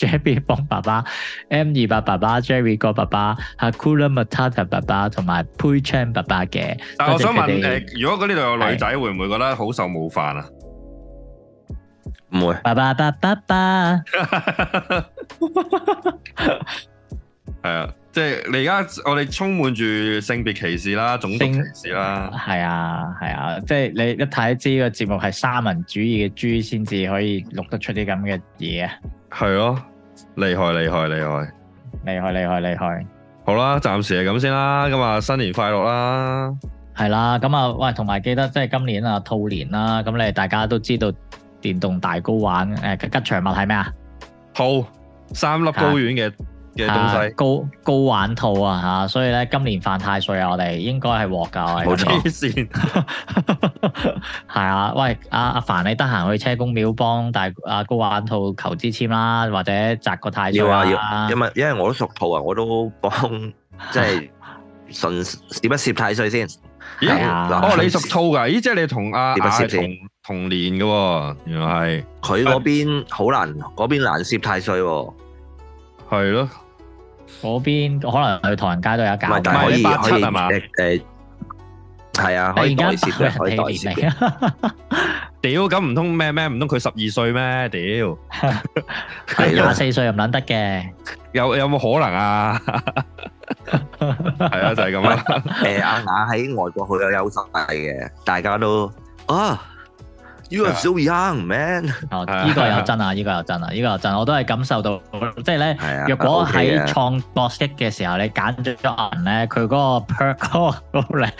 Jerry 幫爸爸，M 二八爸爸，Jerry 個爸爸，阿 c o o l a Matata 爸爸，同埋 p o u c h a n 爸爸嘅。但我想問，誒，如果嗰呢度有女仔，會唔會覺得好受冒犯啊？唔會。爸爸爸爸爸。係啊，即係你而家我哋充滿住性別歧視啦，種族歧視啦。係啊，係啊，即係你一睇知個節目係沙文主義嘅豬先至可以錄得出啲咁嘅嘢啊。係咯。厲害厲害厲害，厲害厲害厲害。好啦，暫時係咁先啦。今日新年快樂啦！係啦，咁啊喂，同埋記得即係今年啊兔年啦。咁你哋大家都知道電動大 GO 玩誒、呃，吉祥物係咩啊？兔三粒高丸嘅。啊 GO，GO 玩兔啊吓，所以咧今年犯太歲啊，我哋應該係獲救係冇錯。係啊，喂阿阿凡你得閒去車公廟幫大阿 GO 玩兔求支簽啦，或者攝個太歲啊要啊，要，因為因為我都屬兔啊，我都幫即係順攝不攝太歲先。咦？哦，你屬兔噶？咦，即係你同阿阿同同年噶？原來係。佢嗰邊好難，嗰邊難攝太歲。係咯。嗰邊可能去唐人街都有架，唔係可以可以，誒誒，係啊，可以代接，可以代接你啊！屌，咁唔通咩咩？唔通佢十二歲咩？屌，廿四歲又唔撚得嘅，有有冇可能啊？係啊，就係咁樣。誒，阿雅喺外國好有優勢嘅，大家都啊。因為好 young，man。You so、young, 哦，依、這個又真啊！依、這個又真啊！依、這個又真，我都係感受到，即係咧。係啊。若果喺創 boss 嘅時候，你揀咗人咧，佢嗰個 perk 咧，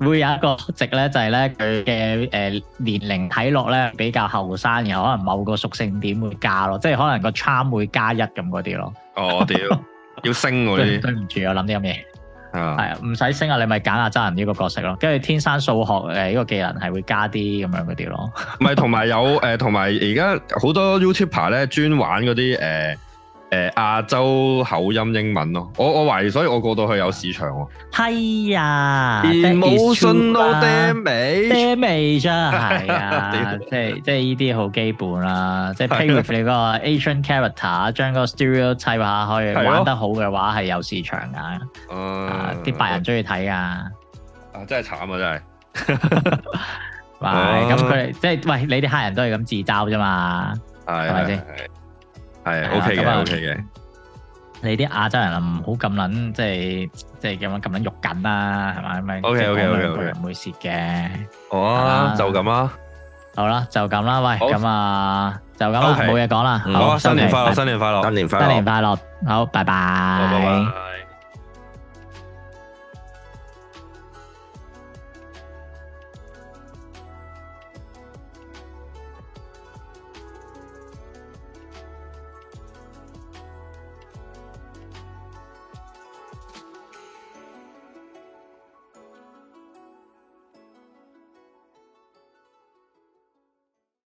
會有一個值咧，就係咧佢嘅誒年齡睇落咧比較後生，然後可能某個屬性點會加咯，即、就、係、是、可能個 charm 會加一咁嗰啲咯。哦，屌！要升嗰啲。 對唔住，我諗啲咁嘢。係啊，唔使 升啊，你咪揀下揸人呢個角色咯，跟住天生數學誒呢個技能係會加啲咁樣嗰啲咯。咪同埋有誒，同埋而家好多 YouTuber 咧專玩嗰啲誒。呃誒，亞洲口音英文咯，我我懷疑，所以我過到去有市場喎。係啊，連冇信都 damn 味，damn 味啫，係啊，即係即係呢啲好基本啦，即係 pick up 你個 Asian character，將個 studio 策劃開，玩得好嘅話係有市場噶。啲白人中意睇啊。啊，真係慘啊，真係。喂，咁佢哋，即係，喂，你啲黑人都係咁自嘲啫嘛，係咪先？係啊，OK 嘅。你啲亞洲人啊，唔好咁撚，即係即係咁樣咁撚肉緊啦，係咪？OK OK OK，唔會蝕嘅。好啊，就咁啦。好啦，就咁啦。喂，咁啊，就咁啦，冇嘢講啦。好，新年快樂，新年快樂，新年快樂，新年快樂。好，拜拜。